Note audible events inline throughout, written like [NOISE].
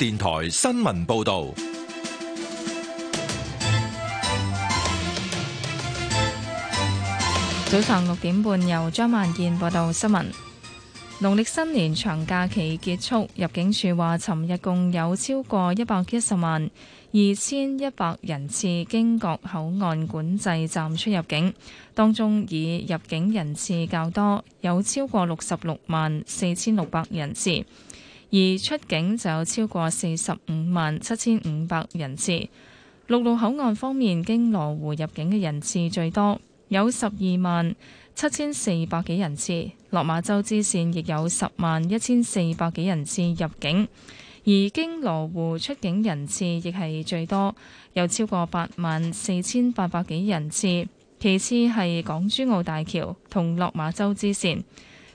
電台新聞報道。早上六點半由張，由張萬健報道新聞。農曆新年長假期結束，入境處話，尋日共有超過一百一十萬二千一百人次經各口岸管制站出入境，當中以入境人次較多，有超過六十六萬四千六百人次。而出境就有超過四十五萬七千五百人次。陸路口岸方面，經羅湖入境嘅人次最多，有十二萬七千四百幾人次。落馬洲支線亦有十萬一千四百幾人次入境，而經羅湖出境人次亦係最多，有超過八萬四千八百幾人次。其次係港珠澳大橋同落馬洲支線。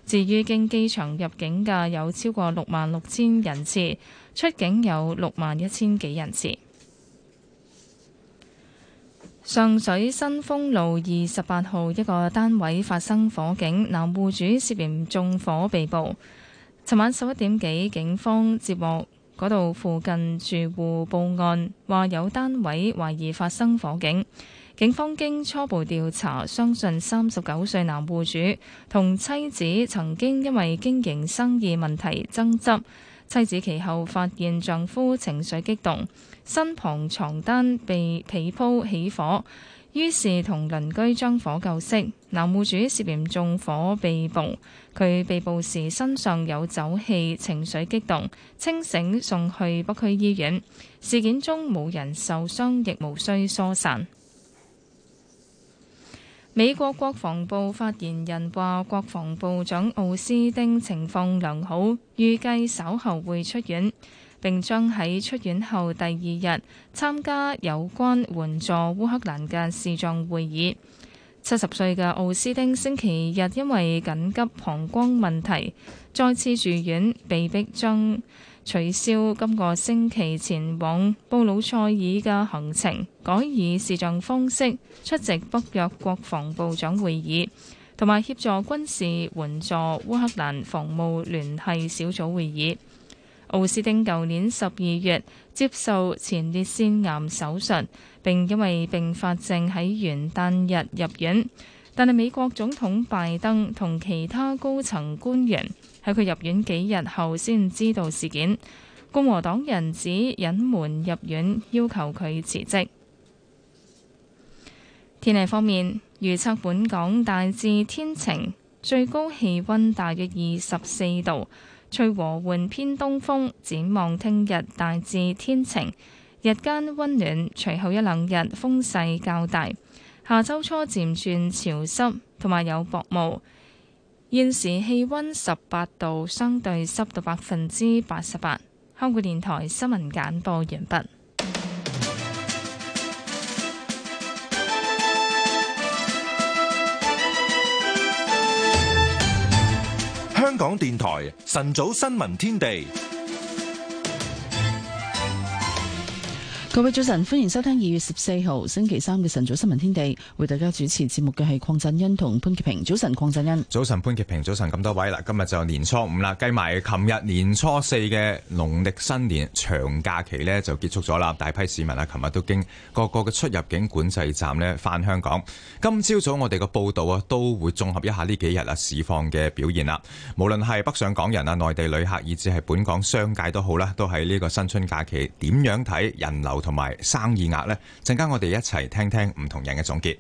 至於經機場入境嘅有超過六萬六千人次，出境有六萬一千幾人次。上水新豐路二十八號一個單位發生火警，男戶主涉嫌縱火被捕。尋晚十一點幾，警方接獲嗰度附近住戶報案，話有單位懷疑發生火警。警方經初步調查，相信三十九歲男戶主同妻子曾經因為經營生意問題爭執。妻子其後發現丈夫情緒激動，身旁床單被被鋪起火，於是同鄰居將火救熄。男戶主涉嫌縱火被捕，佢被捕時身上有酒氣，情緒激動，清醒送去北區醫院。事件中冇人受傷，亦無需疏散。美國國防部發言人話：國防部長奧斯丁情況良好，預計稍後會出院，並將喺出院後第二日參加有關援助烏克蘭嘅視像會議。七十歲嘅奧斯丁星期日因為緊急膀胱問題再次住院，被迫將取消今個星期前往布魯塞爾嘅行程，改以視像方式出席北約國防部長會議，同埋協助軍事援助烏克蘭防務聯繫小組會議。奧斯丁舊年十二月接受前列腺癌手術，並因為併發症喺元旦日入院。但係美國總統拜登同其他高層官員喺佢入院幾日後先知道事件。共和黨人指隱瞞入院，要求佢辭職。天氣方面預測本港大致天晴，最高氣溫大約二十四度，吹和緩偏東風，展望聽日大致天晴，日間温暖，隨後一兩日風勢較大。下周初漸轉潮濕，同埋有，有薄霧。現時氣温十八度，相對濕度百分之八十八。香港電台新聞簡報完畢。香港電台晨早新聞天地。各位早晨，歡迎收聽二月十四號星期三嘅晨早新聞天地。為大家主持節目嘅係鄺振恩同潘潔平。早晨，鄺振恩。早晨，潘潔平。早晨，咁多位啦，今日就年初五啦，計埋琴日年初四嘅農曆新年長假期咧就結束咗啦。大批市民啊，琴日都經各個嘅出入境管制站咧翻香港。今朝早我哋嘅報道啊，都會綜合一下呢幾日啊市況嘅表現啦。無論係北上港人啊、內地旅客，以至係本港商界都好啦，都喺呢個新春假期點樣睇人流？同埋生意額咧，陣間，我哋一齊聽聽唔同人嘅總結。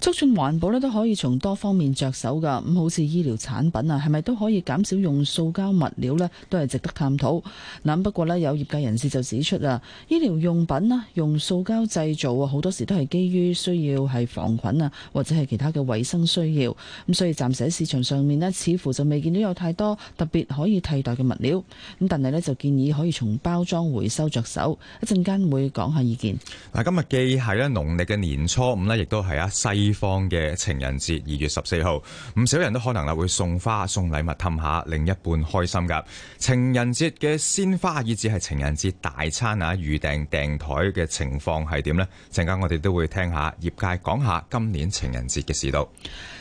促進環保呢都可以從多方面着手噶咁好似醫療產品啊，係咪都可以減少用塑膠物料呢？都係值得探討。咁不過呢，有業界人士就指出啊，醫療用品啊用塑膠製造啊，好多時都係基於需要係防菌啊，或者係其他嘅衛生需要。咁所以暫時喺市場上面呢，似乎就未見到有太多特別可以替代嘅物料。咁但係呢，就建議可以從包裝回收着手。一陣間會講下意見。嗱，今日既係呢農曆嘅年初五呢，亦都係啊。西方嘅情人節二月十四號，唔少人都可能啦會送花送禮物氹下另一半開心噶。情人節嘅鮮花以至係情人節大餐啊，預訂訂台嘅情況係點呢？陣間我哋都會聽下業界講下今年情人節嘅市道。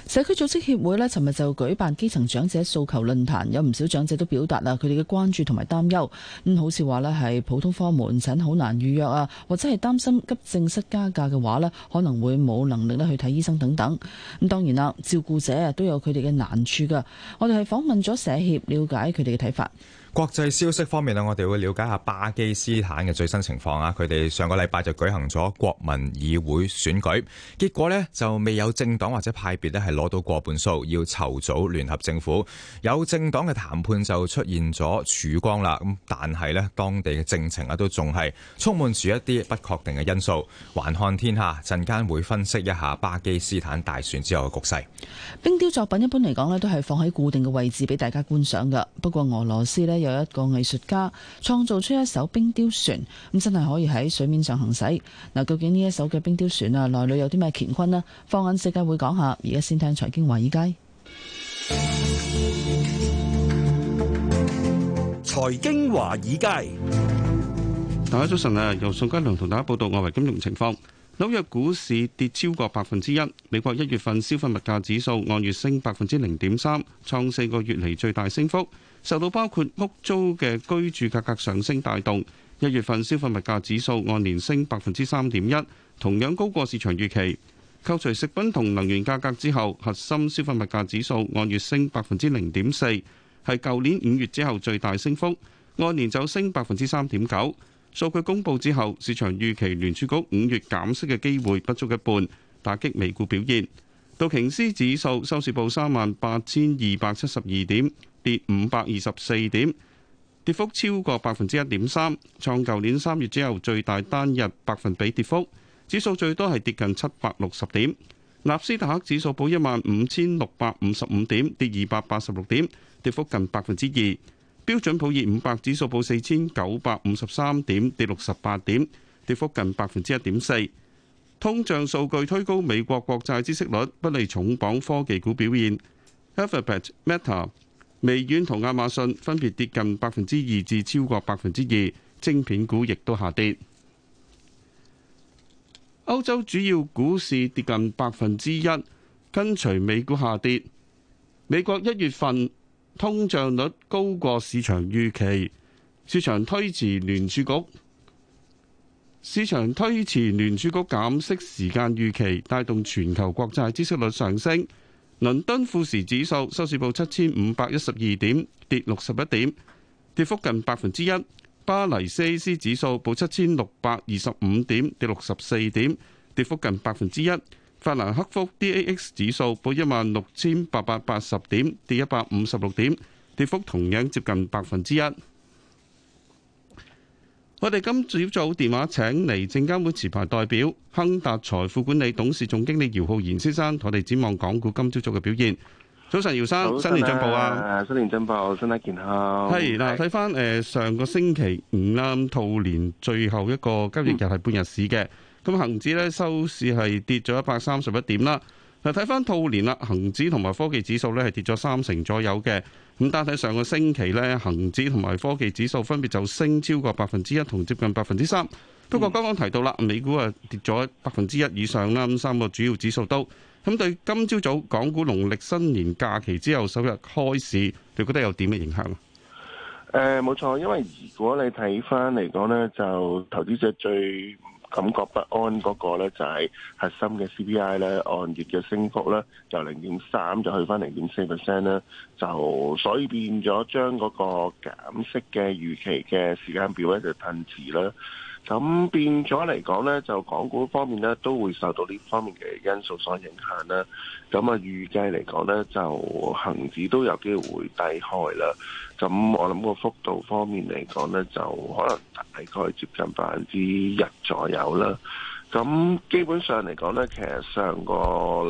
社區組織協會咧，尋日就舉辦基層長者訴求論壇，有唔少長者都表達啊，佢哋嘅關注同埋擔憂。咁好似話咧，係普通科門診好難預約啊，或者係擔心急症室加價嘅話咧，可能會冇能力咧去睇醫生等等。咁當然啦，照顧者都有佢哋嘅難處㗎。我哋係訪問咗社協，了解佢哋嘅睇法。國際消息方面呢，我哋會了解下巴基斯坦嘅最新情況啊！佢哋上個禮拜就舉行咗國民議會選舉，結果呢就未有政黨或者派別呢係攞到過半數，要籌組聯合政府。有政黨嘅談判就出現咗曙光啦，咁但係呢當地嘅政情啊都仲係充滿住一啲不確定嘅因素。環看天下陣間會分析一下巴基斯坦大選之後嘅局勢。冰雕作品一般嚟講呢都係放喺固定嘅位置俾大家觀賞噶，不過俄羅斯呢。有一個藝術家創造出一艘冰雕船，咁真係可以喺水面上行駛。嗱，究竟呢一艘嘅冰雕船啊，內裏有啲咩乾坤呢？放眼世界會講下，而家先聽財經華爾街。財經華爾街，大家早晨啊！由宋家良同大家報道外圍金融情況。紐約股市跌超過百分之一，美國一月份消費物價指數按月升百分之零點三，創四個月嚟最大升幅。受到包括屋租嘅居住價格上升帶動，一月份消費物價指數按年升百分之三點一，同樣高過市場預期。扣除食品同能源價格之後，核心消費物價指數按月升百分之零點四，係舊年五月之後最大升幅，按年就升百分之三點九。數據公布之後，市場預期聯儲局五月減息嘅機會不足一半，打擊美股表現。道瓊斯指數收市報三萬八千二百七十二點。跌五百二十四點，跌幅超過百分之一點三，創舊年三月之後最大單日百分比跌幅。指數最多係跌近七百六十點。納斯達克指數報一萬五千六百五十五點，跌二百八十六點，跌幅近百分之二。標準普爾五百指數報四千九百五十三點，跌六十八點，跌幅近百分之一點四。通脹數據推高美國國債孳息率，不利重磅科技股表現。Alphabet、Meta、微軟同亞馬遜分別跌近百分之二至超過百分之二，晶片股亦都下跌。歐洲主要股市跌近百分之一，跟隨美股下跌。美國一月份通脹率高過市場預期，市場推遲聯儲局，市場推遲聯儲局減息時間預期，帶動全球國債孳息率上升。倫敦富時指數收市報七千五百一十二點，跌六十一點，跌幅近百分之一。巴黎 CAC 指數報七千六百二十五點，跌六十四點，跌幅近百分之一。法蘭克福 DAX 指數報一萬六千八百八十點，跌一百五十六點，跌幅同樣接近百分之一。我哋今朝早電話請嚟證監會持牌代表亨達財富管理董事總經理姚浩然先生，同我哋展望港股今朝早嘅表現。早晨，姚生，新年進步啊！誒，新年進步，身體健康。係嗱，睇翻誒上個星期五啱兔年最後一個交易日係半日市嘅，咁恒指咧收市係跌咗一百三十一點啦。睇翻兔年啦，恒指同埋科技指數咧係跌咗三成左右嘅。咁單睇上個星期咧，恒指同埋科技指數分別就升超過百分之一同接近百分之三。不過剛剛提到啦，嗯、美股啊跌咗百分之一以上啦。咁三個主要指數都咁對今朝早，早港股農曆新年假期之後首日開市，你覺得有點嘅影響？誒、呃，冇錯，因為如果你睇翻嚟講咧，就投資者最感覺不安嗰個咧就係核心嘅 CPI 咧按月嘅升幅咧由零點三就去翻零點四 percent 啦，就所以變咗將嗰個減息嘅預期嘅時間表咧就褪遲啦。咁變咗嚟講咧，就港股方面咧，都會受到呢方面嘅因素所影響啦。咁啊，預計嚟講咧，就恒指都有機會低開啦。咁我諗個幅度方面嚟講咧，就可能大概接近百分之一左右啦。咁基本上嚟講咧，其實上個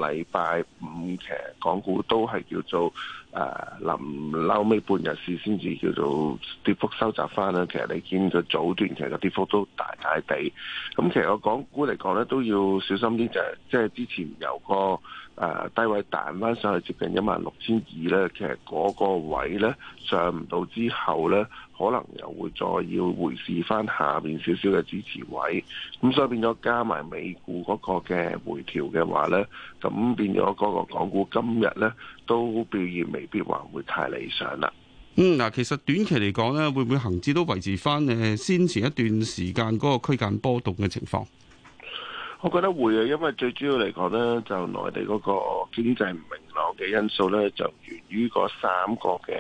禮拜五其實港股都係叫做。誒，臨嬲尾半日市先至叫做跌幅收窄返啦，其實你見佢早段其實跌幅都大大地，咁其實我講股嚟講呢都要小心啲，就係即係之前有個。誒、啊、低位彈翻上去接近一萬六千二咧，其實嗰個位咧上唔到之後咧，可能又會再要回視翻下，下面少少嘅支持位，咁所以變咗加埋美股嗰個嘅回調嘅話咧，咁變咗嗰個港股今日咧都表現未必話會太理想啦。嗯，嗱，其實短期嚟講咧，會唔會恆指都維持翻誒先前一段時間嗰個區間波動嘅情況？我覺得會啊，因為最主要嚟講咧，就內地嗰個經濟唔明朗嘅因素咧，就源於嗰三個嘅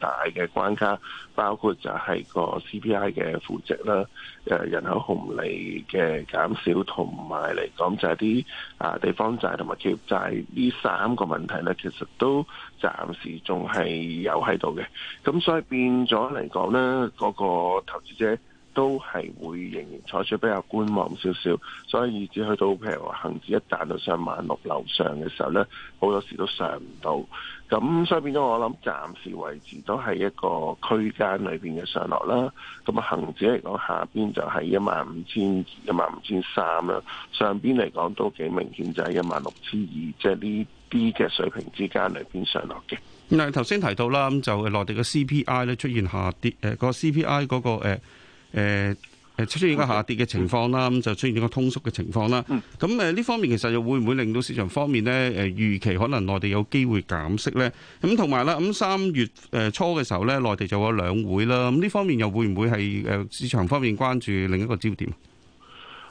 大嘅關卡，包括就係個 CPI 嘅負值啦，誒人口紅利嘅減少，同埋嚟講就係啲啊地方債同埋企業債呢三個問題咧，其實都暫時仲係有喺度嘅，咁所以變咗嚟講咧，嗰個投資者，都係會仍然採取比較觀望少少，所以以至去到譬如恒指一彈到上萬六樓上嘅時候咧，好多時都上唔到。咁所以變咗我諗，暫時為止都係一個區間裏邊嘅上落啦。咁啊恒指嚟講，下邊就係一萬五千二一萬五千三啦，上邊嚟講都幾明顯就係一萬六千二，即係呢啲嘅水平之間裏邊上落嘅。嗱，頭先提到啦，咁就內地嘅 CPI 咧出現下跌，誒、個 CPI 嗰、個、呃誒誒、呃、出現一個下跌嘅情況啦，咁就出現咗個通縮嘅情況啦。咁誒呢方面其實又會唔會令到市場方面咧誒預期可能內地有機會減息呢？咁同埋啦，咁三月誒初嘅時候咧，內地就有兩會啦。咁呢方面又會唔會係誒市場方面關注另一個焦點？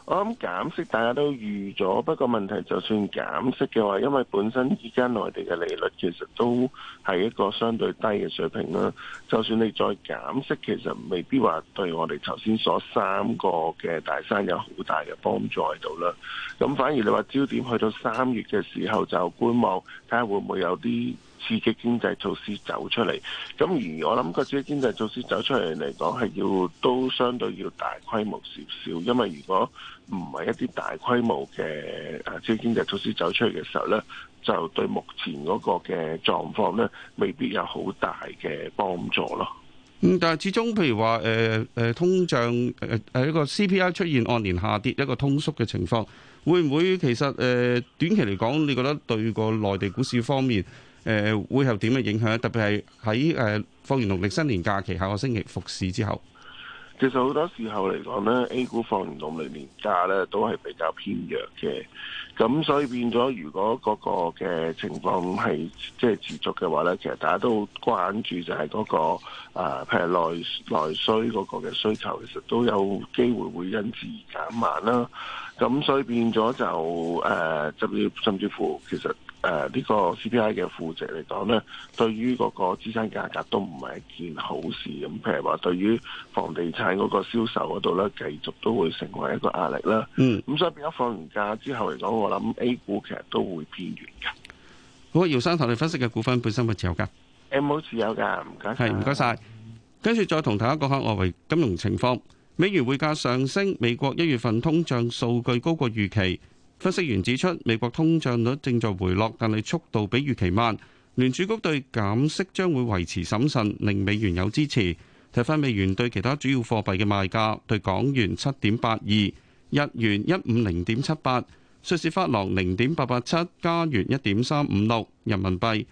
我諗減息大家都預咗，不過問題，就算減息嘅話，因為本身而家內地嘅利率其實都係一個相對低嘅水平啦。就算你再減息，其實未必話對我哋頭先所三個嘅大山有好大嘅幫助喺度啦。咁反而你話焦點去到三月嘅時候就觀望，睇下會唔會有啲。刺激經濟措施走出嚟咁，而我諗個刺激經濟措施走出嚟嚟講，係要都相對要大規模少少。因為如果唔係一啲大規模嘅啊，刺激經濟措施走出嚟嘅時候咧，就對目前嗰個嘅狀況咧，未必有好大嘅幫助咯。咁、嗯、但係，始終譬如話，誒、呃、誒，通脹誒係、呃、一個 CPI 出現按年下跌一個通縮嘅情況，會唔會其實誒、呃、短期嚟講，你覺得對個內地股市方面？誒會後點嘅影響，特別係喺誒放完農曆新年假期下個星期復市之後，其實好多時候嚟講咧，A 股放完農曆年假咧都係比較偏弱嘅。咁所以變咗，如果嗰個嘅情況係即係持續嘅話咧，其實大家都好關注就係嗰、嗰個、呃、譬如內內需嗰個嘅需求，其實都有機會會因此而減慢啦。咁所以變咗就誒、呃，甚至乎其實。誒，個呢個 CPI 嘅負值嚟講呢，對於嗰個資產價格都唔係一件好事。咁譬如話，對於房地產嗰個銷售嗰度呢，繼續都會成為一個壓力啦。嗯，咁所以變咗放完假之後嚟講，我諗 A 股其實都會偏軟㗎。好，姚生同你分析嘅股份本身係持有㗎，冇持有㗎，唔該，係唔該晒。跟住再同大家講下外圍金融情況，美元匯價上升，美國一月份通脹數據高過預期。分析員指出，美國通脹率正在回落，但係速度比預期慢。聯儲局對減息將會維持審慎，令美元有支持。睇返美元對其他主要貨幣嘅賣價：對港元七點八二，日元一五零點七八，瑞士法郎零點八八七，加元一點三五六，人民幣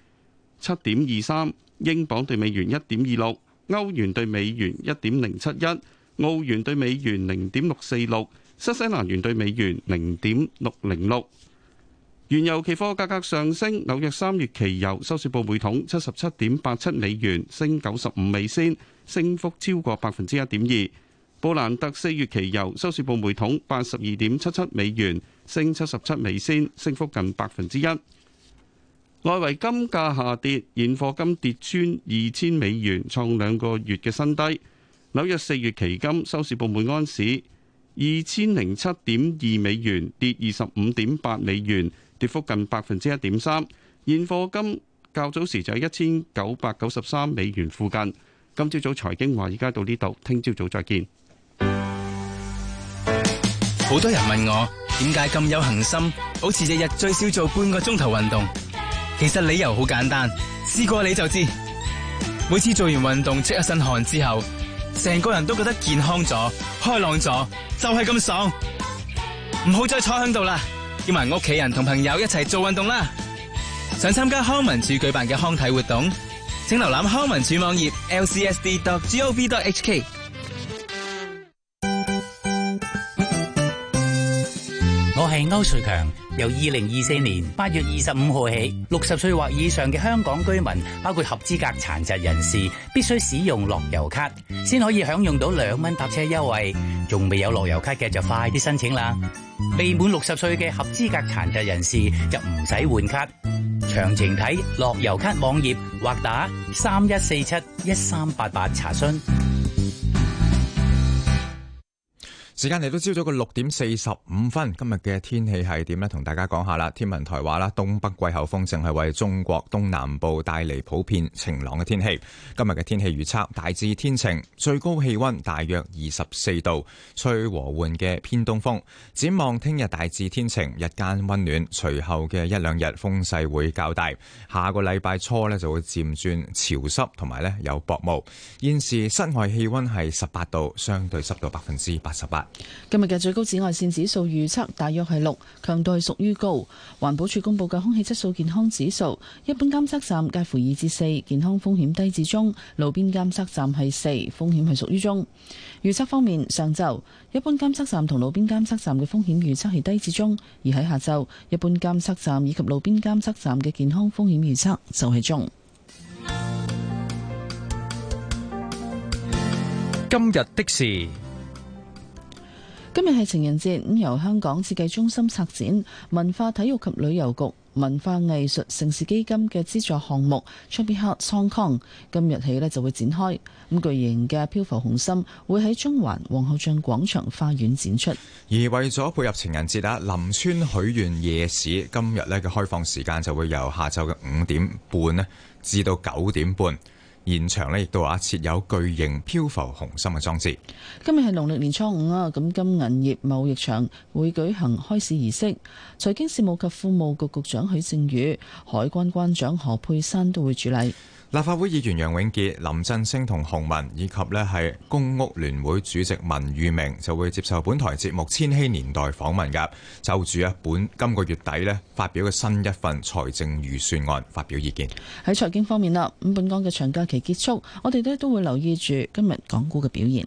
七點二三，英鎊對美元一點二六，歐元對美元一點零七一，澳元對美元零點六四六。新西蘭元兌美元零點六零六。原油期貨價格上升，紐約三月期油收市報每桶七十七點八七美元，升九十五美仙，升幅超過百分之一點二。布蘭特四月期油收市報每桶八十二點七七美元，升七十七美仙，升幅近百分之一。外圍金價下跌，現貨金跌穿二千美元，創兩個月嘅新低。紐約四月期金收市報每安士。二千零七點二美元，跌二十五點八美元，跌幅近百分之一點三。現貨金較早時就喺一千九百九十三美元附近。今朝早財經話而家到呢度，聽朝早再見。好多人問我點解咁有恆心，保持日日最少做半個鐘頭運動。其實理由好簡單，試過你就知。每次做完運動，出一身汗之後。成個人都覺得健康咗，開朗咗，就係咁爽，唔好再坐響度啦，叫埋屋企人同朋友一齊做運動啦。想參加康文署舉辦嘅康體活動，請瀏覽康文署網頁 lcsd.gov.hk。LC 係歐瑞強。由二零二四年八月二十五號起，六十歲或以上嘅香港居民，包括合資格殘疾人士，必須使用樂悠卡，先可以享用到兩蚊搭車優惠。仲未有樂悠卡嘅就快啲申請啦。未滿六十歲嘅合資格殘疾人士就唔使換卡。詳情睇樂悠卡網頁或打三一四七一三八八查詢。時間嚟到朝早嘅六點四十五分，今日嘅天氣係點呢？同大家講下啦。天文台話啦，東北季候風正係為中國東南部帶嚟普遍晴朗嘅天氣。今日嘅天氣預測大致天晴，最高氣温大約二十四度，吹和緩嘅偏東風。展望聽日大致天晴，日間温暖，隨後嘅一兩日風勢會較大。下個禮拜初呢，就會漸轉潮濕，同埋呢有薄霧。現時室外氣温係十八度，相對濕度百分之八十八。今日嘅最高紫外線指數預測大約係六，強度係屬於高。環保署公布嘅空氣質素健康指數，一般監測站介乎二至四，健康風險低至中；路邊監測站係四，風險係屬於中。預測方面，上晝一般監測站同路邊監測站嘅風險預測係低至中，而喺下晝一般監測站以及路邊監測站嘅健康風險預測就係中。今日的事。今日係情人節，咁由香港設計中心策展、文化體育及旅遊局文化藝術城市基金嘅資助項目《Chubby Hearts Hong Kong》，今日起咧就會展開。咁巨型嘅漂浮紅心會喺中環皇后像廣場花園展出。而為咗配合情人節啊，林村許願夜市今日咧嘅開放時間就會由下晝嘅五點半咧至到九點半。現場咧，亦都啊設有巨型漂浮紅心嘅裝置。今日係農曆年初五啊，咁金銀業貿易場會舉行開市儀式，財經事務及庫務局局，局長許正宇、海關關長何佩珊都會主禮。立法會議員楊永傑、林振昇同洪雯，以及咧係公屋聯會主席文裕明就會接受本台節目《千禧年代》訪問噶，就住啊本今個月底咧發表嘅新一份財政預算案發表意見。喺財經方面啦，咁本港嘅長假期結束，我哋咧都會留意住今日港股嘅表現。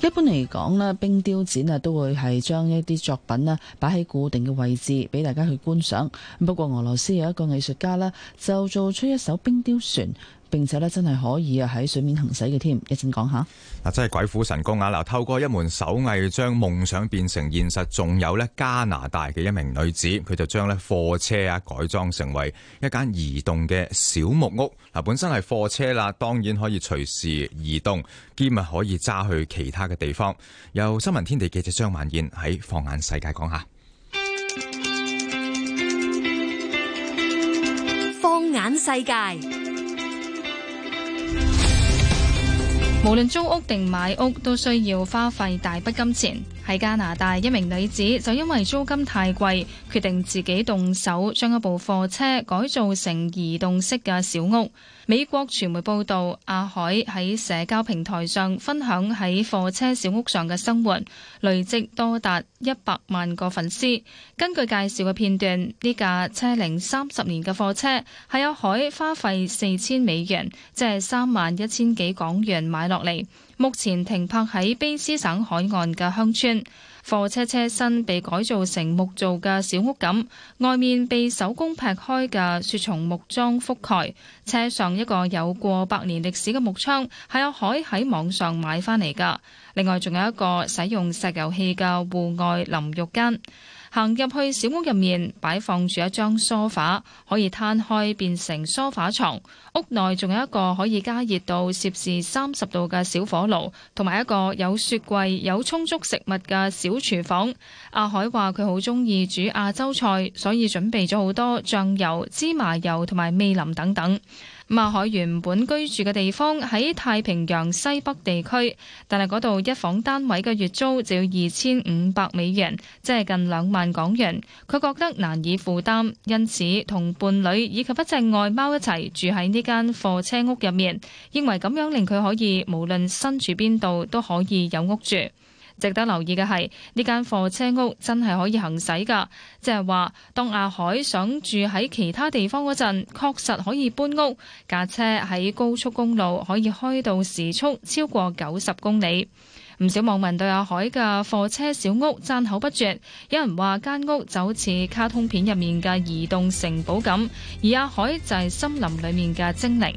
一般嚟講咧，冰雕展啊都會係將一啲作品咧擺喺固定嘅位置俾大家去觀賞。不過俄羅斯有一個藝術家啦，就做出一艘冰雕船。並且咧真係可以啊喺水面行駛嘅添，一陣講下嗱，真係鬼斧神工啊！嗱，透過一門手藝將夢想變成現實，仲有咧加拿大嘅一名女子，佢就將咧貨車啊改裝成為一間移動嘅小木屋。嗱，本身係貨車啦，當然可以隨時移動，兼啊可以揸去其他嘅地方。由新聞天地記者張萬燕喺放眼世界講下，放眼世界。無論租屋定買屋，都需要花費大筆金錢。喺加拿大，一名女子就因為租金太貴，決定自己動手將一部貨車改造成移動式嘅小屋。美國傳媒報道，阿海喺社交平台上分享喺貨車小屋上嘅生活，累積多達一百萬個粉絲。根據介紹嘅片段，呢架車齡三十年嘅貨車係阿海花費四千美元，即係三萬一千幾港元買落嚟。目前停泊喺卑斯省海岸嘅鄉村，貨車車身被改造成木造嘅小屋咁，外面被手工劈開嘅雪松木樁覆蓋。車上一個有過百年歷史嘅木窗係阿海喺網上買翻嚟噶。另外仲有一個使用石油氣嘅戶外淋浴間。行入去小屋入面，擺放住一張梳化，可以攤開變成梳化床。屋內仲有一個可以加熱到攝氏三十度嘅小火爐，同埋一個有雪櫃、有充足食物嘅小廚房。阿海話佢好中意煮亞洲菜，所以準備咗好多醬油、芝麻油同埋味淋等等。馬海原本居住嘅地方喺太平洋西北地區，但係嗰度一房單位嘅月租就要二千五百美元，即係近兩萬港元。佢覺得難以負擔，因此同伴侶以及一隻外貓一齊住喺呢間貨車屋入面，認為咁樣令佢可以無論身處邊度都可以有屋住。值得留意嘅係，呢間貨車屋真係可以行駛噶，即係話當阿海想住喺其他地方嗰陣，確實可以搬屋。架車喺高速公路可以開到時速超過九十公里。唔少網民對阿海嘅貨車小屋讚口不絕，有人話間屋就好似卡通片入面嘅移動城堡咁，而阿海就係森林裏面嘅精靈。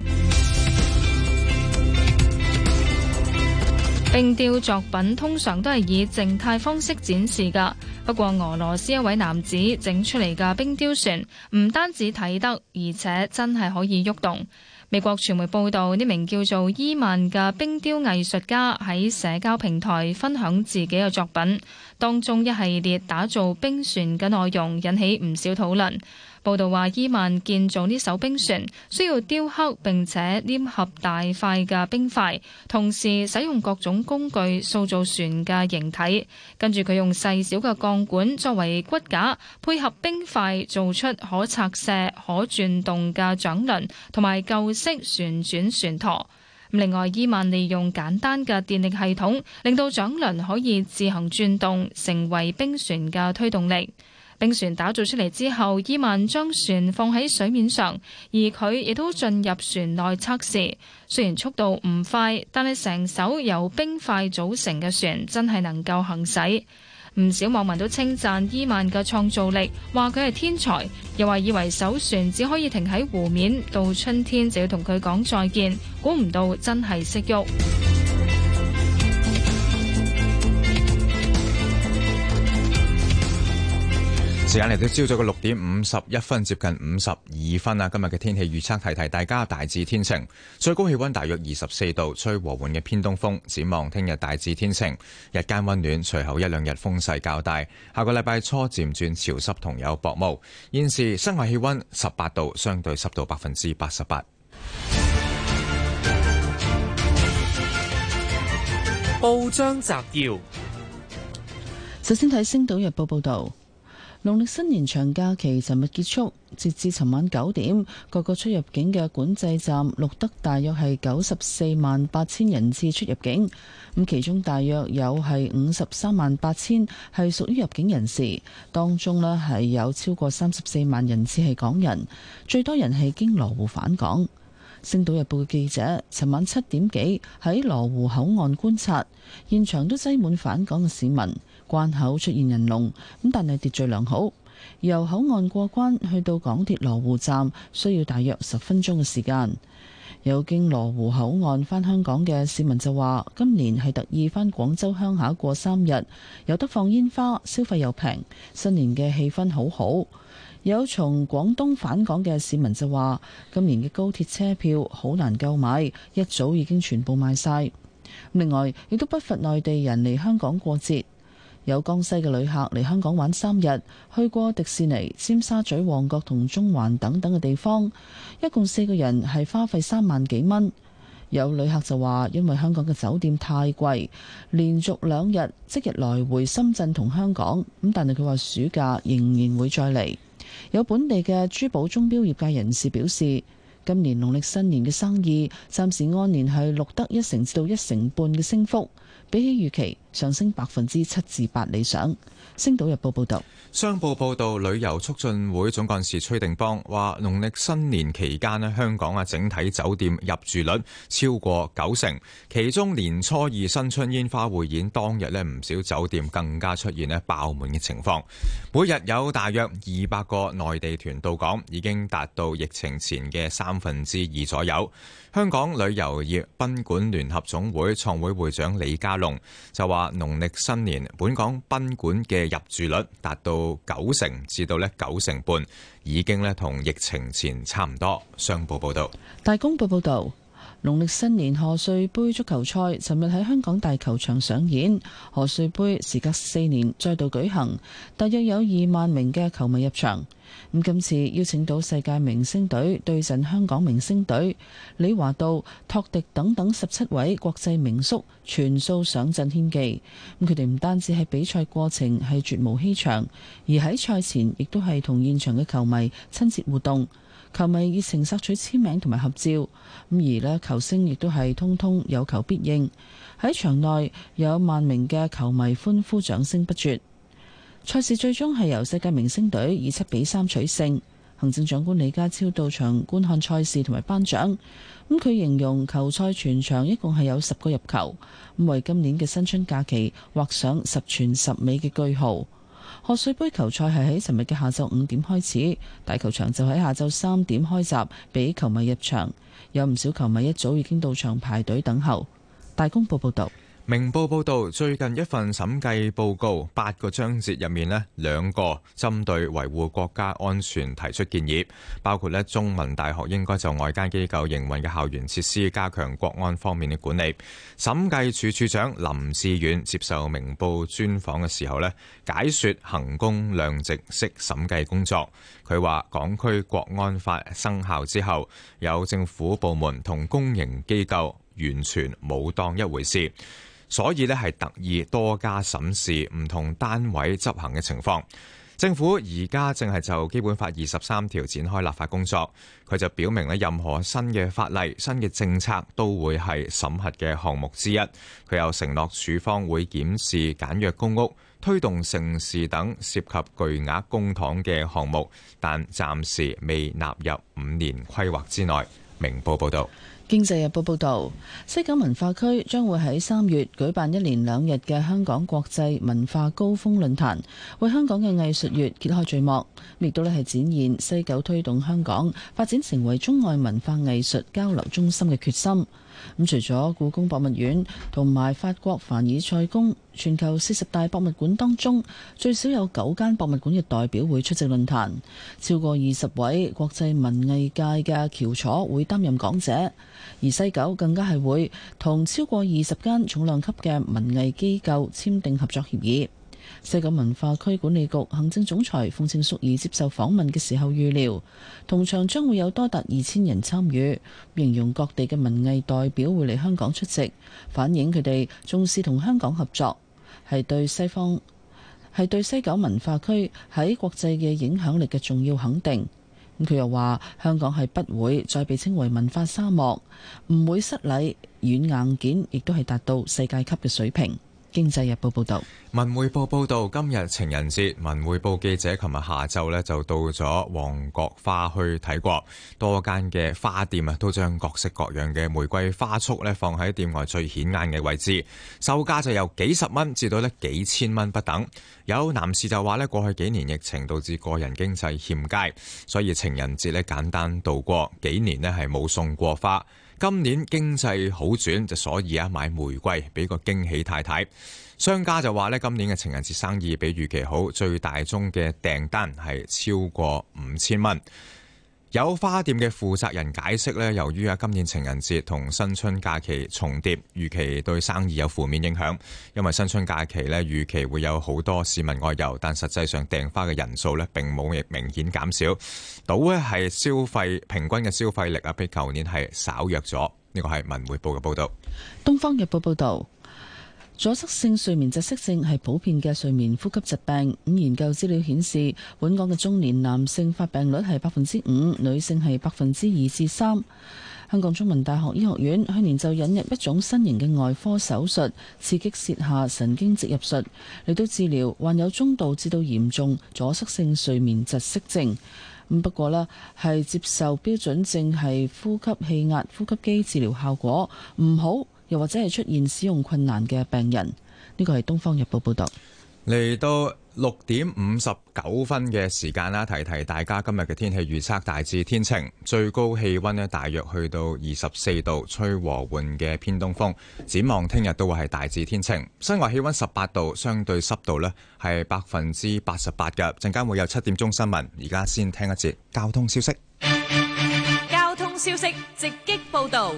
冰雕作品通常都係以靜態方式展示噶，不過俄羅斯一位男子整出嚟嘅冰雕船，唔單止睇得，而且真係可以喐動。美國傳媒報道呢名叫做伊曼嘅冰雕藝術家喺社交平台分享自己嘅作品，當中一系列打造冰船嘅內容引起唔少討論。報道話，伊曼建造呢艘冰船需要雕刻並且黏合大塊嘅冰塊，同時使用各種工具塑造船嘅形體。跟住佢用細小嘅鋼管作為骨架，配合冰塊做出可拆卸、可轉動嘅槳輪，同埋舊式旋轉船舵。另外，伊曼利用簡單嘅電力系統，令到槳輪可以自行轉動，成為冰船嘅推動力。冰船打造出嚟之後，伊曼將船放喺水面上，而佢亦都進入船內測試。雖然速度唔快，但係成艘由冰塊組成嘅船真係能夠行駛。唔少網民都稱讚伊曼嘅創造力，話佢係天才，又話以為艘船只可以停喺湖面，到春天就要同佢講再見，估唔到真係識喐。時間嚟到朝早嘅六點五十一分，接近五十二分啦。今日嘅天氣預測提提，大家大致天晴，最高氣溫大約二十四度，吹和緩嘅偏東風。展望聽日大致天晴，日間溫暖，隨後一兩日風勢較大。下個禮拜初漸轉潮濕同有薄霧。現時室外氣溫十八度，相對濕度百分之八十八。報章摘要，首先睇《星島日報》報道。農曆新年長假期尋日結束，截至尋晚九點，各個出入境嘅管制站錄得大約係九十四萬八千人次出入境，咁其中大約有係五十三萬八千係屬於入境人士，當中呢係有超過三十四萬人次係港人，最多人係經羅湖返港。星島日報嘅記者，尋晚七點幾喺羅湖口岸觀察，現場都擠滿返港嘅市民，關口出現人龍，咁但係秩序良好。由口岸過關去到港鐵羅湖站，需要大約十分鐘嘅時間。有經羅湖口岸返香港嘅市民就話，今年係特意返廣州鄉下過三日，有得放煙花，消費又平，新年嘅氣氛好好。有從廣東返港嘅市民就話：今年嘅高鐵車票好難購買，一早已經全部賣晒。另外亦都不乏內地人嚟香港過節，有江西嘅旅客嚟香港玩三日，去過迪士尼、尖沙咀、旺角同中環等等嘅地方，一共四個人係花費三萬幾蚊。有旅客就話，因為香港嘅酒店太貴，連續兩日即日來回深圳同香港，咁但係佢話暑假仍然會再嚟。有本地嘅珠寶鐘錶業界人士表示，今年農曆新年嘅生意暫時按年係錄得一成至到一成半嘅升幅，比起預期上升百分之七至八理想。星島日報報道，商報報道，旅遊促進會總幹事崔定邦話：農曆新年期間咧，香港啊整體酒店入住率超過九成，其中年初二新春煙花匯演當日咧，唔少酒店更加出現咧爆滿嘅情況，每日有大約二百個內地團到港，已經達到疫情前嘅三分之二左右。香港旅遊業賓館聯合總會創會會長李家龍就話：農曆新年本港賓館嘅入住率達到九成至到咧九成半，已經咧同疫情前差唔多。商報報道，大公報報道。農曆新年賀歲盃足球賽尋日喺香港大球場上演，賀歲盃時隔四年再度舉行，大約有二萬名嘅球迷入場。咁今次邀請到世界明星隊對陣香港明星隊，李華道，托迪等等十七位國際名宿全數上陣獻技。咁佢哋唔單止係比賽過程係絕無欺場，而喺賽前亦都係同現場嘅球迷親切互動。球迷熱情索取簽名同埋合照，咁而咧球星亦都係通通有求必應。喺場內有萬名嘅球迷歡呼掌聲不絕。賽事最終係由世界明星隊以七比三取勝。行政長官李家超到場觀看賽事同埋頒獎，咁佢形容球賽全場一共係有十個入球，咁為今年嘅新春假期畫上十全十美嘅句號。賀歲杯球賽係喺尋日嘅下晝五點開始，大球場就喺下晝三點開閘俾球迷入場，有唔少球迷一早已經到場排隊等候。大公報報道。明報報導，最近一份審計報告，八個章節入面咧，兩個針對維護國家安全提出建議，包括咧，中文大學應該就外間機構營運嘅校園設施加強國安方面嘅管理。審計署署長林志遠接受明報專訪嘅時候咧，解説衡工量值式審計工作。佢話，港區國安法生效之後，有政府部門同公營機構完全冇當一回事。所以呢係特意多加審視唔同單位執行嘅情況。政府而家正係就《基本法》二十三條展開立法工作，佢就表明咧，任何新嘅法例、新嘅政策都會係審核嘅項目之一。佢又承諾處方會檢視簡約公屋、推動城市等涉及巨額公帑嘅項目，但暫時未納入五年規劃之內。明報報導。經濟日報報道，西九文化區將會喺三月舉辦一連兩日嘅香港國際文化高峰論壇，為香港嘅藝術月揭開序幕。亦都呢係展現西九推動香港發展成為中外文化藝術交流中心嘅決心。咁除咗故宮博物院同埋法國凡爾賽宮，全球四十大博物館當中最少有九間博物館嘅代表會出席論壇，超過二十位國際文藝界嘅翹楚會擔任講者，而西九更加係會同超過二十間重量級嘅文藝機構簽訂合作協議。西九文化區管理局行政總裁馮程淑儀接受訪問嘅時候預料，同場將會有多達二千人參與，形容各地嘅文藝代表會嚟香港出席，反映佢哋重視同香港合作，係對西方係對西九文化區喺國際嘅影響力嘅重要肯定。咁佢又話，香港係不會再被稱為文化沙漠，唔會失禮，軟硬件亦都係達到世界級嘅水平。經濟日報報道，文匯報報道，今日情人節，文匯報記者琴日下晝呢就到咗旺角花墟睇過多間嘅花店啊，都將各式各樣嘅玫瑰花束呢放喺店外最顯眼嘅位置，售價就由幾十蚊至到呢幾千蚊不等。有男士就話呢，過去幾年疫情導致個人經濟欠佳，所以情人節呢簡單度過，幾年呢係冇送過花。今年經濟好轉，就所以啊買玫瑰俾個驚喜太太。商家就話咧，今年嘅情人節生意比預期好，最大宗嘅訂單係超過五千蚊。有花店嘅負責人解釋咧，由於啊今年情人節同新春假期重疊，預期對生意有負面影響。因為新春假期咧，預期會有好多市民外遊，但實際上訂花嘅人數咧，並冇亦明顯減少。倒呢係消費平均嘅消費力啊，比舊年係稍弱咗。呢個係文匯報嘅報道。東方日報報道。阻塞性睡眠窒息症係普遍嘅睡眠呼吸疾病。咁研究資料顯示，本港嘅中年男性發病率係百分之五，女性係百分之二至三。香港中文大學醫學院去年就引入一種新型嘅外科手術，刺激舌下神經植入術，嚟到治療患有中度至到嚴重阻塞性睡眠窒息症。咁不過咧，係接受標準症係呼吸氣壓呼吸機治療效果唔好。又或者係出現使用困難嘅病人，呢個係《東方日報》報道。嚟到六點五十九分嘅時間啦，提提大家今日嘅天氣預測，大致天晴，最高氣温呢大約去到二十四度，吹和緩嘅偏東風。展望聽日都會係大致天晴，室外氣温十八度，相對濕度呢係百分之八十八嘅。陣間會有七點鐘新聞，而家先聽一節交通消息。消息直擊報道，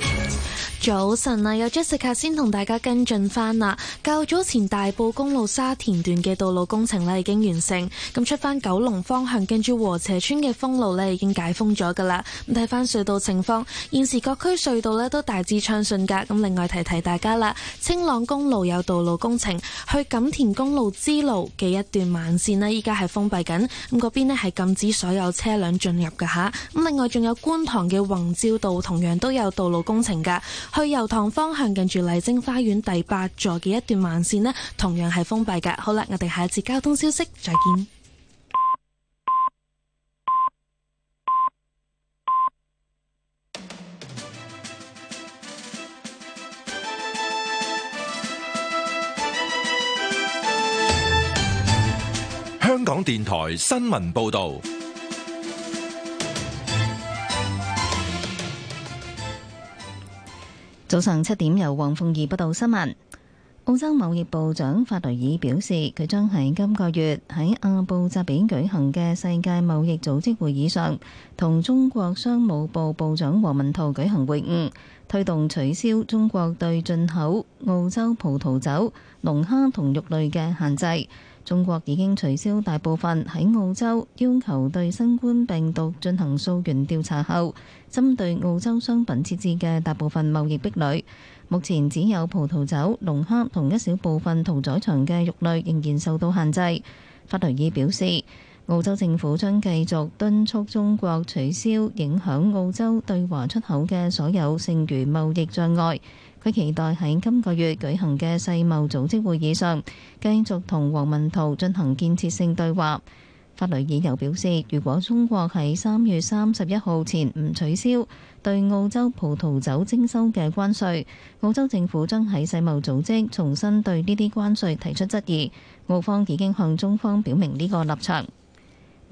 早晨啊，有 Jessica 先同大家跟進翻啦。較早前大埔公路沙田段嘅道路工程咧已經完成，咁出翻九龍方向跟住禾輋邨嘅封路咧已經解封咗噶啦。咁睇翻隧道情況，現時各區隧道咧都大致暢順噶。咁另外提提大家啦，青朗公路有道路工程，去錦田公路支路嘅一段慢線呢，依家係封閉緊，咁嗰邊呢係禁止所有車輛進入噶吓。咁另外仲有觀塘嘅宏。繞道同樣都有道路工程嘅，去油塘方向近住麗晶花園第八座嘅一段慢線呢，同樣係封閉嘅。好啦，我哋下一次交通消息再見。香港電台新聞報道。早上七點，由黃鳳儀報道新聞。澳洲貿易部長法雷爾表示，佢將喺今個月喺阿布扎比舉行嘅世界貿易組織會議上，同中國商務部部長王文濤舉行會晤，推動取消中國對進口澳洲葡萄酒、龍蝦同肉類嘅限制。中國已經取消大部分喺澳洲要求對新冠病毒進行溯源調查後，針對澳洲商品設置嘅大部分貿易壁壘。目前只有葡萄酒、龍蝦同一小部分屠宰場嘅肉類仍然受到限制。法雷爾表示，澳洲政府將繼續敦促中國取消影響澳洲對華出口嘅所有剩餘貿易障礙。佢期待喺今個月舉行嘅世貿組織會議上，繼續同黃文濤進行建設性對話，法雷爾又表示，如果中國喺三月三十一號前唔取消對澳洲葡萄酒徵收嘅關稅，澳洲政府將喺世貿組織重新對呢啲關稅提出質疑。澳方已經向中方表明呢個立場。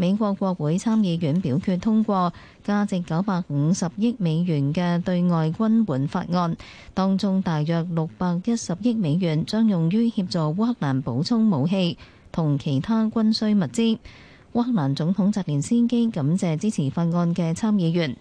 美國國會參議院表決通過價值九百五十億美元嘅對外軍援法案，當中大約六百一十億美元將用於協助烏克蘭補充武器同其他軍需物資。烏克蘭總統澤連斯基感謝支持法案嘅參議員，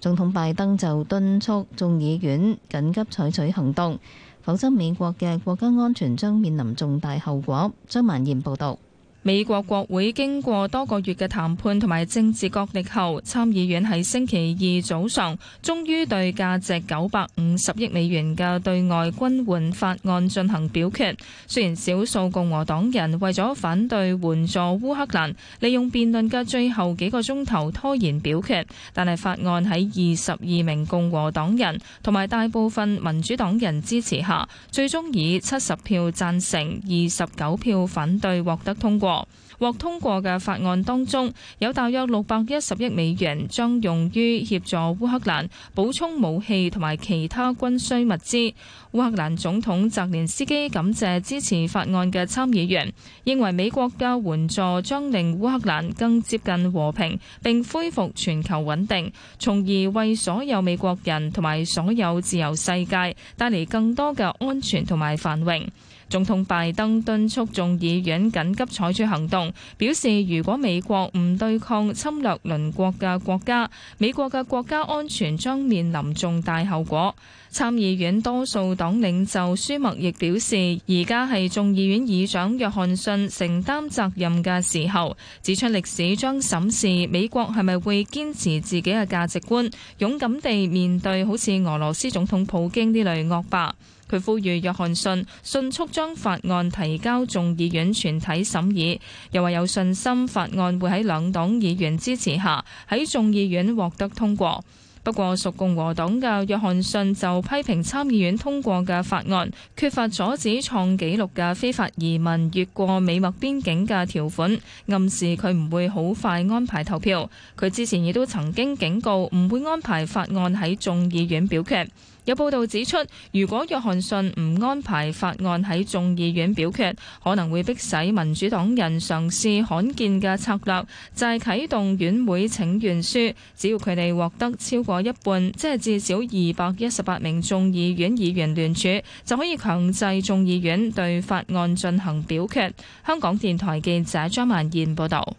總統拜登就敦促眾議院緊急採取行動，否則美國嘅國家安全將面臨重大後果。張曼燕報導。美國國會經過多個月嘅談判同埋政治角力後，參議院喺星期二早上終於對價值九百五十億美元嘅對外軍援法案進行表決。雖然少數共和黨人為咗反對援助烏克蘭，利用辯論嘅最後幾個鐘頭拖延表決，但係法案喺二十二名共和黨人同埋大部分民主黨人支持下，最終以七十票贊成、二十九票反對獲得通過。獲通過嘅法案當中，有大約六百一十億美元將用於協助烏克蘭補充武器同埋其他軍需物資。烏克蘭總統澤連斯基感謝支持法案嘅參議員，認為美國嘅援助將令烏克蘭更接近和平，並恢復全球穩定，從而為所有美國人同埋所有自由世界帶嚟更多嘅安全同埋繁榮。總統拜登敦促眾議院緊急採取行動，表示如果美國唔對抗侵略鄰國嘅國家，美國嘅國家安全將面臨重大後果。參議院多數黨領袖舒默亦表示，而家係眾議院議長約翰遜承擔責任嘅時候，指出歷史將審視美國係咪會堅持自己嘅價值觀，勇敢地面對好似俄羅斯總統普京呢類惡霸。佢呼籲約翰遜迅速將法案提交眾議院全體審議，又話有信心法案會喺兩黨議員支持下喺眾議院獲得通過。不過屬共和黨嘅約翰遜就批評參議院通過嘅法案缺乏阻止創紀錄嘅非法移民越過美墨邊境嘅條款，暗示佢唔會好快安排投票。佢之前亦都曾經警告唔會安排法案喺眾議院表決。有報道指出，如果約翰遜唔安排法案喺眾議院表決，可能會逼使民主黨人嘗試罕見嘅策略，就係啟動院會請願書，只要佢哋獲得超過一半，即係至少二百一十八名眾議院議員聯署，就可以強制眾議院對法案進行表決，香港電台記者張曼燕報道。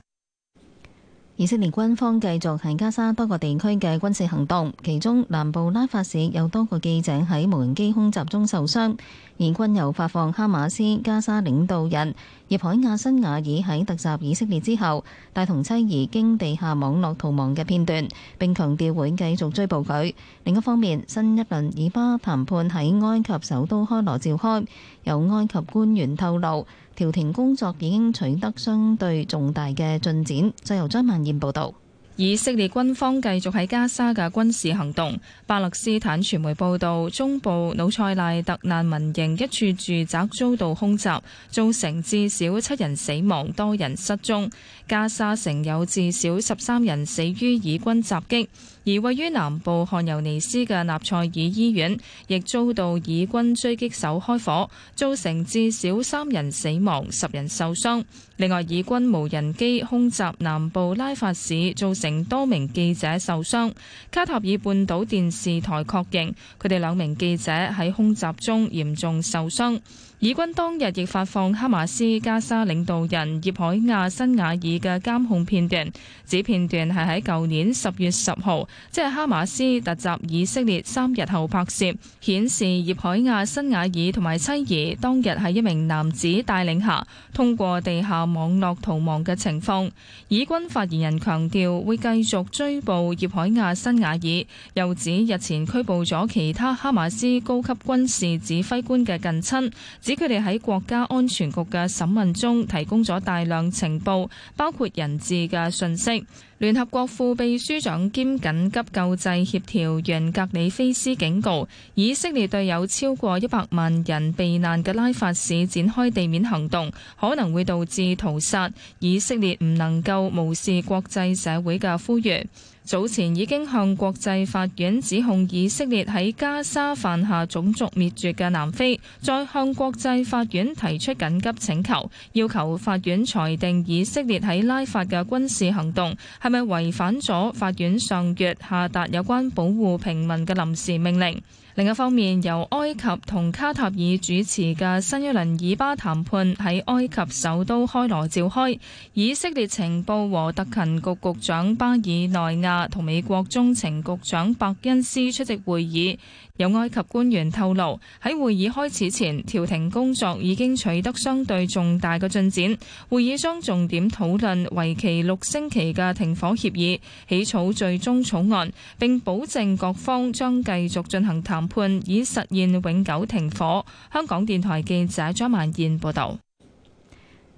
以色列軍方繼續喺加沙多個地區嘅軍事行動，其中南部拉法市有多個記者喺無人機空襲中受傷。以軍又發放哈馬斯加沙領導人葉海亞辛瓦爾喺突襲以色列之後帶同妻兒經地下網絡逃亡嘅片段，並強調會繼續追捕佢。另一方面，新一輪以巴談判喺埃及首都開羅召開，有埃及官員透露。調停工作已經取得相對重大嘅進展。就由張萬燕報道。以色列軍方繼續喺加沙嘅軍事行動。巴勒斯坦傳媒報道，中部努塞賴特難民營一處住宅遭到空襲，造成至少七人死亡，多人失蹤。加沙城有至少十三人死於以軍襲擊。而位於南部漢尤尼斯嘅納賽爾醫院，亦遭到以軍狙擊手開火，造成至少三人死亡、十人受傷。另外，以軍無人機空襲南部拉法市，造成多名記者受傷。卡塔爾半島電視台確認，佢哋兩名記者喺空襲中嚴重受傷。以軍當日亦發放哈馬斯加沙領導人葉海亞·辛雅爾嘅監控片段，指片段係喺舊年十月十號，即係哈馬斯突襲以色列三日後拍攝，顯示葉海亞·辛雅爾同埋妻兒當日喺一名男子帶領下，通過地下網絡逃亡嘅情況。以軍發言人強調會繼續追捕葉海亞·辛雅爾，又指日前拘捕咗其他哈馬斯高級軍事指揮官嘅近親。指佢哋喺國家安全局嘅審問中提供咗大量情報，包括人質嘅信息。聯合國副秘書長兼緊急救濟協調員格里菲斯警告，以色列對有超過一百萬人避難嘅拉法市展開地面行動，可能會導致屠殺。以色列唔能夠無視國際社會嘅呼籲。早前已經向國際法院指控以色列喺加沙犯下種族滅絕嘅南非，再向國際法院提出緊急請求，要求法院裁定以色列喺拉法嘅軍事行動係咪違反咗法院上月下達有關保護平民嘅臨時命令。另一方面，由埃及同卡塔爾主持嘅新一輪以巴談判喺埃及首都開羅召開。以色列情報和特勤局局長巴爾內亞同美國中情局長伯恩斯出席會議，有埃及官員透露喺會議開始前，調停工作已經取得相對重大嘅進展。會議將重點討論為期六星期嘅停火協議，起草最終草案，並保證各方將繼續進行談判，以實現永久停火。香港電台記者張萬燕報道。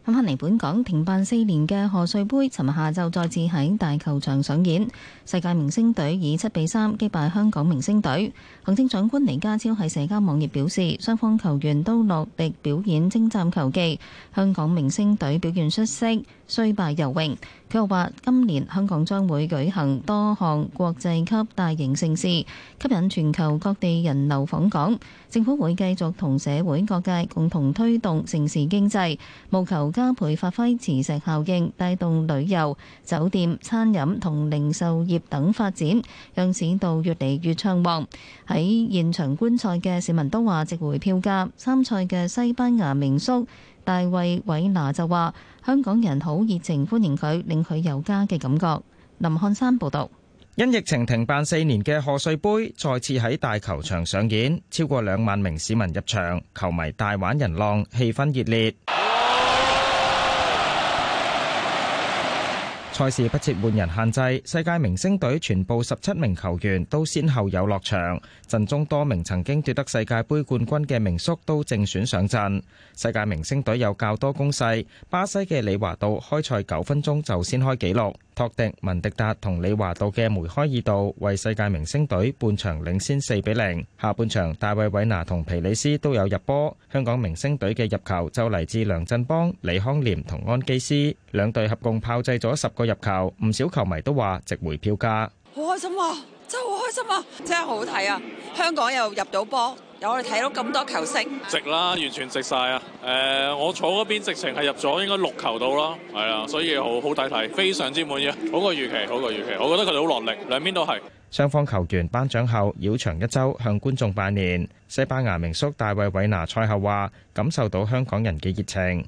近黑嚟，本港停辦四年嘅賀歲杯，尋日下晝再次喺大球場上演。世界明星隊以七比三擊敗香港明星隊，行政長官李家超喺社交網頁表示，雙方球員都落力表演精湛球技，香港明星隊表現出色，雖敗猶榮。佢話：今年香港將會舉行多項國際級大型盛事，吸引全球各地人流訪港。政府會繼續同社會各界共同推動盛事經濟，務求加倍發揮磁石效應，帶動旅遊、酒店、餐飲同零售業等發展，讓市道越嚟越暢旺。喺現場觀賽嘅市民都話值回票價。參賽嘅西班牙名宿大衛·韋拿就話。香港人好熱情歡迎佢，令佢有家嘅感覺。林漢山報道：「因疫情停辦四年嘅賀歲杯再次喺大球場上演，超過兩萬名市民入場，球迷大玩人浪，氣氛熱烈。」賽事不設換人限制，世界明星隊全部十七名球員都先後有落場，陣中多名曾經奪得世界杯冠軍嘅名宿都正選上陣。世界明星隊有較多攻勢，巴西嘅李華道開賽九分鐘就先開紀錄。托迪、文迪達同李華道嘅梅開二度，為世界明星隊半場領先四比零。下半場大衛韋拿同皮里斯都有入波，香港明星隊嘅入球就嚟自梁振邦、李康廉同安基斯，兩隊合共炮製咗十個入球。唔少球迷都話值回票價，好開心啊！真係好開心啊！真係好好睇啊！香港又入到波。我哋睇到咁多球星，值啦，完全值曬啊！誒，我坐嗰邊直情係入咗應該六球度咯，係啊，所以好好大睇，非常之滿意，好過預期，好過預期，我覺得佢哋好落力，兩邊都係。雙方球員頒獎後繞場一周向觀眾拜年。西班牙名宿大衛·維拿賽後話感受到香港人嘅熱情。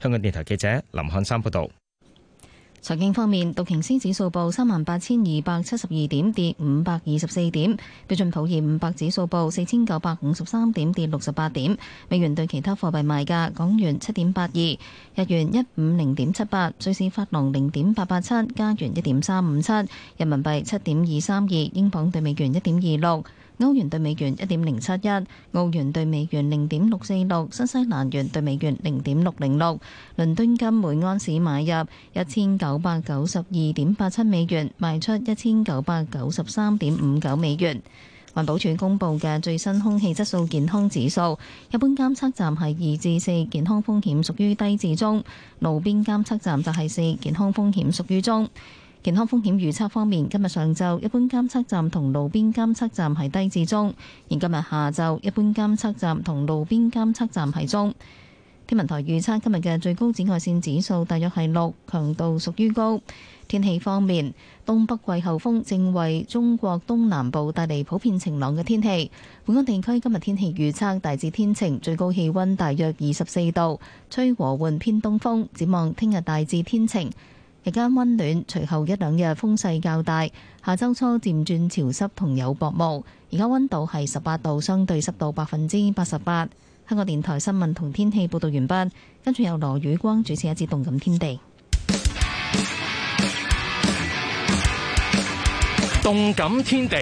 香港電台記者林漢山報道。財經方面，道瓊斯指數報三萬八千二百七十二點，跌五百二十四點；標準普爾五百指數報四千九百五十三點，跌六十八點。美元對其他貨幣賣價：港元七點八二，日元一五零點七八，瑞士法郎零點八八七，加元一點三五七，人民幣七點二三二，英鎊對美元一點二六。歐元對美元一點零七一，澳元對美元零點六四六，新西蘭元對美元零點六零六。倫敦金每安士買入一千九百九十二點八七美元，賣出一千九百九十三點五九美元。環保署公布嘅最新空氣質素健康指數，一般監測站係二至四，健康風險屬於低至中；路邊監測站就係四，健康風險屬於中。健康風險預測方面，今日上晝一般監測站同路邊監測站係低至中，而今日下晝一般監測站同路邊監測站係中。天文台預測今日嘅最高紫外線指數大約係六，強度屬於高。天氣方面，東北季候風正為中國東南部帶嚟普遍晴朗嘅天氣，本港地區今日天，天氣預測大致天晴，最高氣温大約二十四度，吹和緩偏東風。展望聽日大致天晴。日間温暖，隨後一兩日風勢較大。下周初漸轉潮濕同有薄霧。而家温度係十八度，相對濕度百分之八十八。香港電台新聞同天氣報道完畢。跟住由羅宇光主持一節動感天地。動感天地。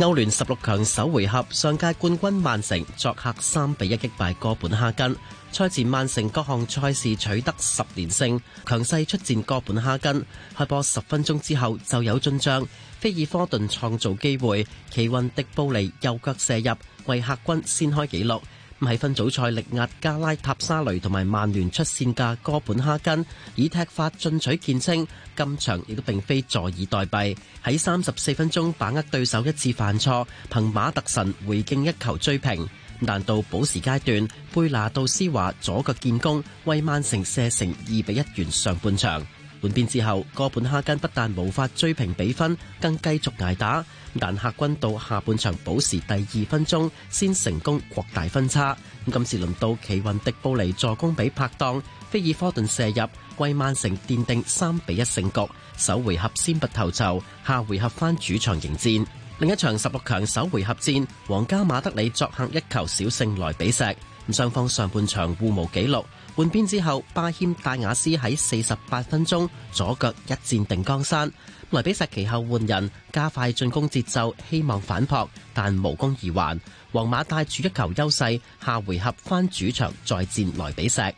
歐聯十六強首回合，上屆冠軍曼城作客三比一擊敗哥本哈根。賽前曼城各項賽事取得十連勝，強勢出戰哥本哈根。開波十分鐘之後就有進賬，菲爾科頓創造機會，奇運迪布尼右腳射入，為客軍先開紀錄。咁喺分組賽力壓加拉塔沙雷同埋曼聯出線嘅哥本哈根，以踢法進取見稱。今場亦都並非坐以待斃，喺三十四分鐘把握對手一次犯錯，憑馬特臣回敬一球追平。但到補時階段，貝拿杜斯華左腳建功，為曼城射成二比一完上半場。換邊之後，哥本哈根不但無法追平比分，更繼續挨打。但客軍到下半場補時第二分鐘，先成功擴大分差。今次輪到奇運迪布尼助攻，俾拍檔菲爾科頓射入，為曼城奠定三比一勝局。首回合先拔頭籌，下回合返主場迎戰。另一場十六強首回合戰，皇家馬德里作客一球小勝萊比錫。雙方上半場互無紀錄，換邊之後，巴謙戴亞斯喺四十八分鐘左腳一箭定江山。萊比錫其後換人加快進攻節奏，希望反撲，但無功而還。皇馬帶住一球優勢，下回合返主場再戰萊比錫。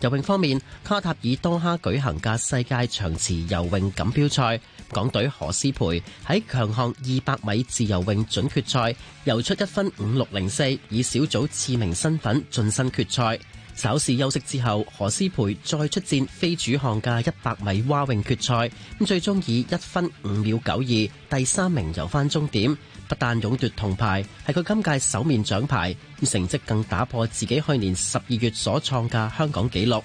游泳方面，卡塔爾多哈舉行嘅世界長池游泳錦標賽。港隊何詩蓓喺強項二百米自由泳準決賽游出一分五六零四，以小組次名身份晉身決賽。稍事休息之後，何詩蓓再出戰非主項嘅一百米蛙泳決賽，咁最終以一分五秒九二第三名游翻終點，不但勇奪銅牌，係佢今屆首面獎牌，成績更打破自己去年十二月所創嘅香港紀錄。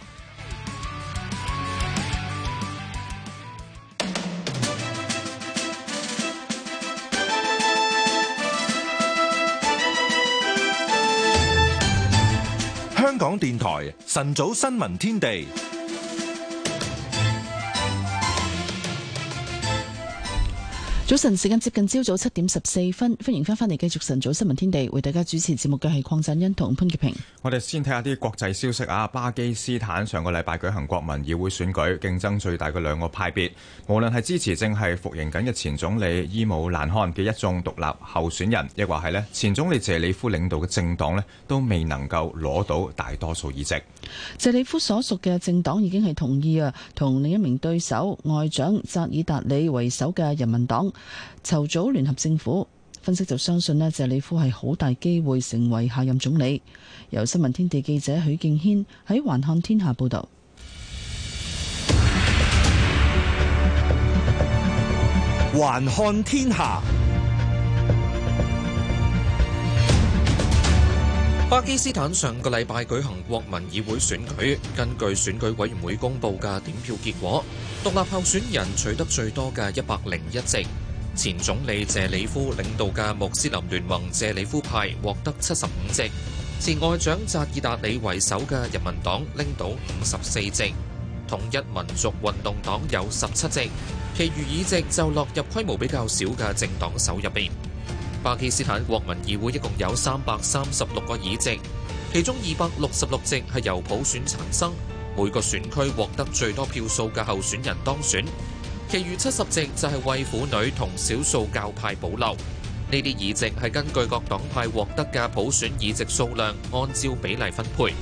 香港電台晨早新聞天地。早晨，時間接近朝早七點十四分，歡迎翻翻嚟繼續晨，晨早新聞天地，為大家主持節目嘅係鄺振欣同潘潔平。我哋先睇下啲國際消息啊！巴基斯坦上個禮拜舉行國民議會選舉，競爭最大嘅兩個派別，無論係支持正係服刑緊嘅前總理伊姆蘭汗嘅一眾獨立候選人，亦或係呢，前總理謝里夫領導嘅政黨呢，都未能夠攞到大多數議席。謝里夫所屬嘅政黨已經係同意啊，同另一名對手外長扎爾達里為首嘅人民黨。籌組聯合政府，分析就相信咧，謝里夫係好大機會成為下任總理。由新聞天地記者許敬軒喺《環看天下》報道。《環看天下》。巴基斯坦上個禮拜舉行國民議會選舉，根據選舉委員會公布嘅點票結果，獨立候選人取得最多嘅一百零一席。前總理謝里夫領導嘅穆斯林聯盟謝里夫派獲得七十五席，前外長扎爾達里為首嘅人民黨拎到五十四席，統一民族運動黨有十七席，其餘議席就落入規模比較小嘅政黨手入面。巴基斯坦國民議會一共有三百三十六個議席，其中二百六十六席係由普選產生，每個選區獲得最多票數嘅候選人當選。其餘七十席就係為婦女同少數教派保留。呢啲議席係根據各黨派獲得嘅普選議席數量，按照比例分配。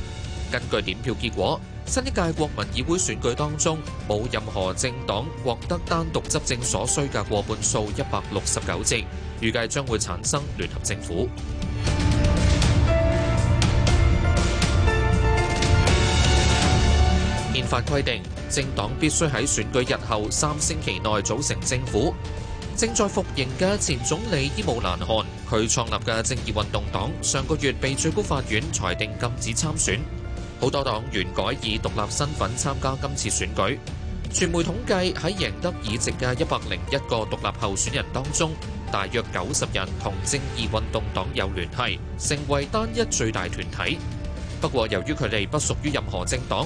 根據點票結果，新一屆國民議會選舉當中冇任何政黨獲得單獨執政所需嘅過半數一百六十九席，預計將會產生聯合政府。法規定，政黨必須喺選舉日後三星期內組成政府。正在服刑嘅前總理伊姆蘭汗，佢創立嘅正義運動黨上個月被最高法院裁定禁止參選。好多黨員改以獨立身份參加今次選舉。傳媒統計喺贏得議席嘅一百零一個獨立候選人當中，大約九十人同正義運動黨有聯繫，成為單一最大團體。不過，由於佢哋不屬於任何政黨。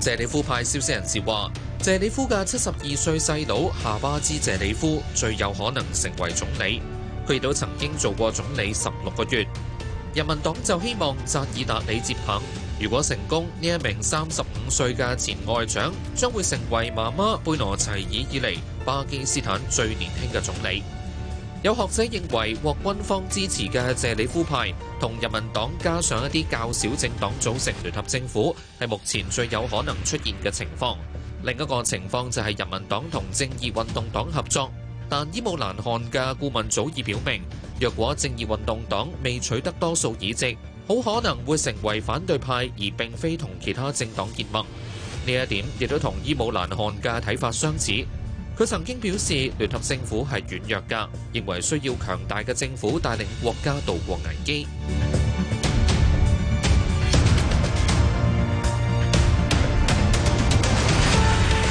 謝里夫派消息人士話，謝里夫嘅七十二歲細佬夏巴茲·謝里夫最有可能成為總理，佢亦都曾經做過總理十六個月。人民黨就希望扎爾達里接棒，如果成功，呢一名三十五歲嘅前外長將會成為媽媽貝娜齊爾以嚟巴基斯坦最年輕嘅總理。有學者認為，獲軍方支持嘅謝里夫派同人民黨加上一啲較小政黨組成聯合政府，係目前最有可能出現嘅情況。另一個情況就係人民黨同正義運動黨合作，但伊姆蘭汗嘅顧問早已表明，若果正義運動黨未取得多數議席，好可能會成為反對派，而並非同其他政黨結盟。呢一點亦都同伊姆蘭汗嘅睇法相似。佢曾經表示，聯合政府係軟弱噶，認為需要強大嘅政府帶領國家渡過危機。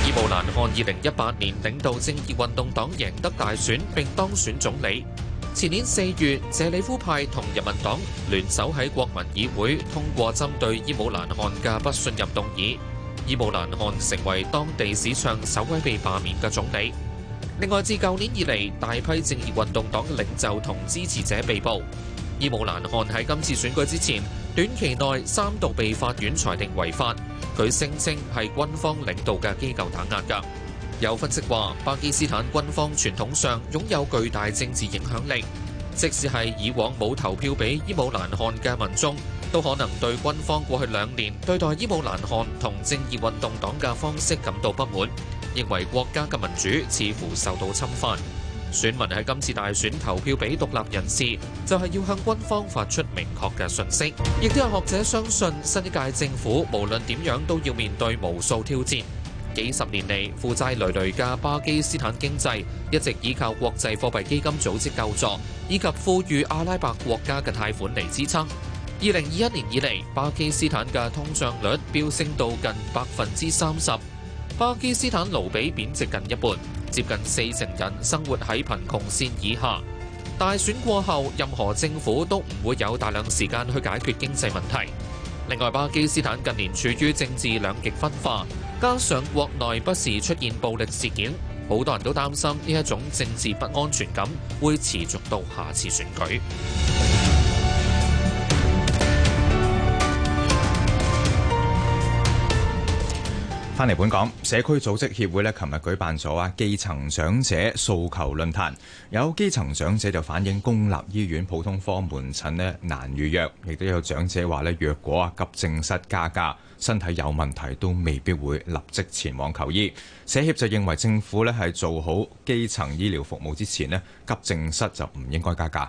伊姆蘭汗二零一八年領導正義運動黨贏得大選並當選總理。前年四月，謝里夫派同人民黨聯手喺國民議會通過針對伊姆蘭汗嘅不信任動議。伊姆蘭汗成為當地史上首位被罷免嘅總理。另外，自舊年以嚟，大批正義運動黨領袖同支持者被捕。伊姆蘭汗喺今次選舉之前，短期內三度被法院裁定違法。佢聲稱係軍方領導嘅機構打壓㗎。有分析話，巴基斯坦軍方傳統上擁有巨大政治影響力，即使係以往冇投票俾伊姆蘭汗嘅民眾，都可能對軍方過去兩年對待伊姆蘭汗同正義運動黨嘅方式感到不滿，認為國家嘅民主似乎受到侵犯。選民喺今次大選投票俾獨立人士，就係要向軍方發出明確嘅訊息。亦都有學者相信，新一屆政府無論點樣都要面對無數挑戰。幾十年嚟負債累累嘅巴基斯坦經濟，一直依靠國際貨幣基金組織救助以及富裕阿拉伯國家嘅貸款嚟支撐。二零二一年以嚟，巴基斯坦嘅通脹率飆升到近百分之三十，巴基斯坦盧比貶值近一半，接近四成人生活喺貧窮線以下。大選過後，任何政府都唔會有大量時間去解決經濟問題。另外，巴基斯坦近年處於政治兩極分化，加上國內不時出現暴力事件，好多人都擔心呢一種政治不安全感會持續到下次選舉。翻嚟本港，社區組織協會呢琴日舉辦咗啊，基層長者訴求論壇。有基層長者就反映，公立醫院普通科門診呢，難預約，亦都有長者話呢，若果啊急症室加價，身體有問題都未必會立即前往求醫。社協就認為政府呢係做好基層醫療服務之前呢，急症室就唔應該加價。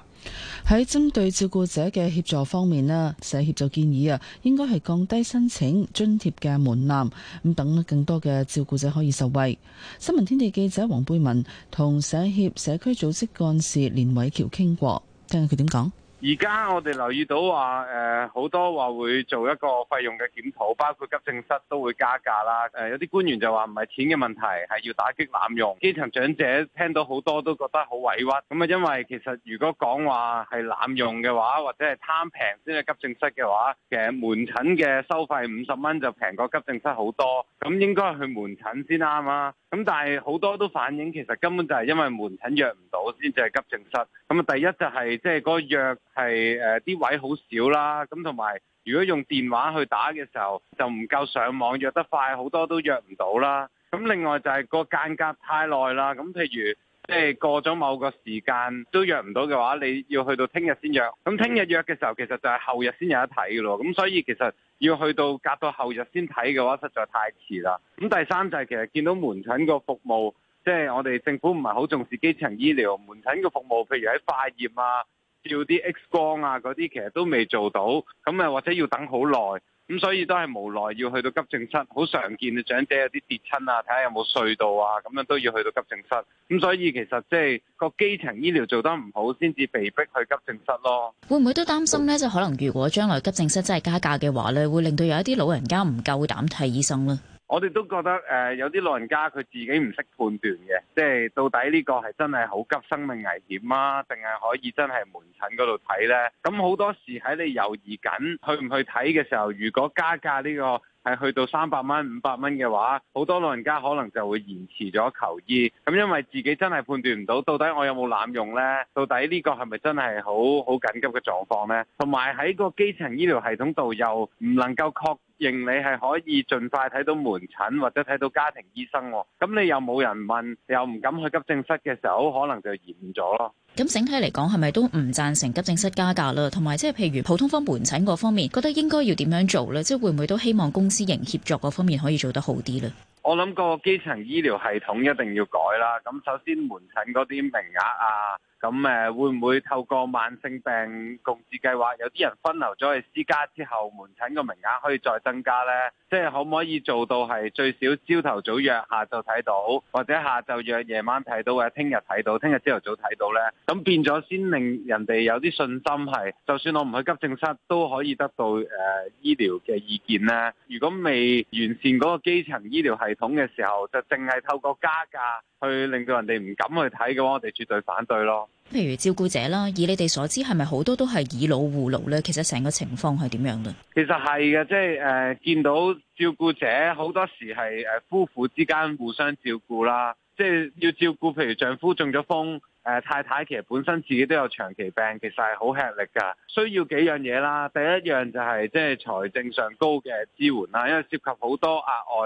喺針對照顧者嘅協助方面咧，社協就建議啊，應該係降低申請津貼嘅門檻，咁等更多嘅照顧者可以受惠。新聞天地記者黃貝文同社協社區組織幹事連偉橋傾過，聽下佢點講。而家我哋留意到話，誒、呃，好多話會做一個費用嘅檢討，包括急症室都會加價啦。誒、呃，有啲官員就話唔係錢嘅問題，係要打擊濫用。基層長者聽到好多都覺得好委屈。咁啊，因為其實如果講話係濫用嘅話，或者係貪平先係急症室嘅話，其實門診嘅收費五十蚊就平過急症室好多。咁應該去門診先啱啊。咁但係好多都反映，其實根本就係因為門診約唔到，先至係急症室。咁啊，第一就係即係個藥。係誒、啲、呃、位好少啦，咁同埋如果用電話去打嘅時候，就唔夠上網約得快，好多都約唔到啦。咁另外就係個間隔太耐啦，咁譬如即係、就是、過咗某個時間都約唔到嘅話，你要去到聽日先約。咁聽日約嘅時候，其實就係後日先有得睇嘅咯。咁所以其實要去到隔到後日先睇嘅話，實在太遲啦。咁第三就係、是、其實見到門診個服務，即、就、係、是、我哋政府唔係好重視基層醫療門診嘅服務，譬如喺化驗啊。要啲 X 光啊，嗰啲其實都未做到，咁啊或者要等好耐，咁所以都係無奈要去到急症室，好常見嘅長者有啲跌親啊，睇下有冇碎到啊，咁樣都要去到急症室，咁所以其實即係個基層醫療做得唔好，先至被逼去急症室咯。會唔會都擔心呢？即係可能如果將來急症室真係加價嘅話呢，會令到有一啲老人家唔夠膽睇醫生咧？我哋都覺得誒、呃，有啲老人家佢自己唔識判斷嘅，即係到底呢個係真係好急生命危險啊，定係可以真係門診嗰度睇呢？咁好多時喺你猶豫緊去唔去睇嘅時候，如果加價呢個係去到三百蚊、五百蚊嘅話，好多老人家可能就會延遲咗求醫。咁因為自己真係判斷唔到，到底我有冇濫用呢，到底呢個係咪真係好好緊急嘅狀況呢？同埋喺個基層醫療系統度又唔能夠確認你係可以盡快睇到門診或者睇到家庭醫生喎，咁你又冇人問，又唔敢去急症室嘅時候，可能就嚴咗咯。咁整體嚟講，係咪都唔贊成急症室加價啦？同埋即係譬如普通科門診嗰方面，覺得應該要點樣做咧？即係會唔會都希望公私營協作嗰方面可以做得好啲咧？我諗個基層醫療系統一定要改啦。咁首先門診嗰啲名額啊。咁誒會唔會透過慢性病共治計劃，有啲人分流咗去私家之後，門診嘅名額可以再增加呢？即係可唔可以做到係最少朝頭早約，下晝睇到，或者下晝約，夜晚睇到，或者聽日睇到，聽日朝頭早睇到呢？咁變咗先令人哋有啲信心係，就算我唔去急症室都可以得到誒、呃、醫療嘅意見呢。如果未完善嗰個基層醫療系統嘅時候，就淨係透過加價去令到人哋唔敢去睇嘅話，我哋絕對反對咯。譬如照顧者啦，以你哋所知，係咪好多都係以老護老呢？其實成個情況係點樣嘅？其實係嘅，即係誒見到照顧者好多時係誒夫婦之間互相照顧啦，即係要照顧，譬如丈夫中咗風，誒太太其實本身自己都有長期病，其實係好吃力噶，需要幾樣嘢啦。第一樣就係即係財政上高嘅支援啦，因為涉及好多額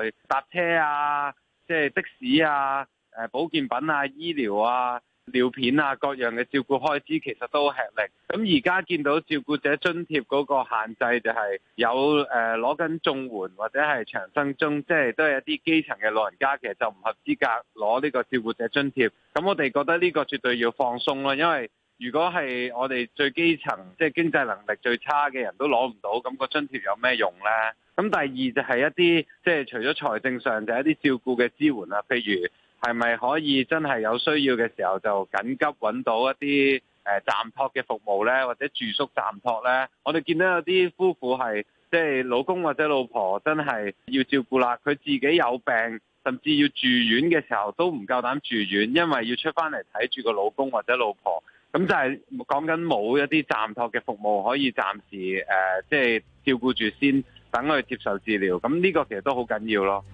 外搭車啊，即係的士啊，誒保健品啊，醫療啊。尿片啊，各樣嘅照顧開支其實都好吃力。咁而家見到照顧者津貼嗰個限制就係有誒攞緊綜援或者係長生中，即係都係一啲基層嘅老人家其實就唔合資格攞呢個照顧者津貼。咁我哋覺得呢個絕對要放鬆咯，因為如果係我哋最基層，即係經濟能力最差嘅人都攞唔到，咁個津貼有咩用呢？咁第二就係一啲即係除咗財政上就係一啲照顧嘅支援啦，譬如。係咪可以真係有需要嘅時候就緊急揾到一啲誒暫託嘅服務呢？或者住宿暫託呢？我哋見到有啲夫婦係即係老公或者老婆真係要照顧啦，佢自己有病甚至要住院嘅時候都唔夠膽住院，因為要出返嚟睇住個老公或者老婆，咁就係講緊冇一啲暫託嘅服務可以暫時誒即係照顧住先，等佢接受治療。咁呢個其實都好緊要咯。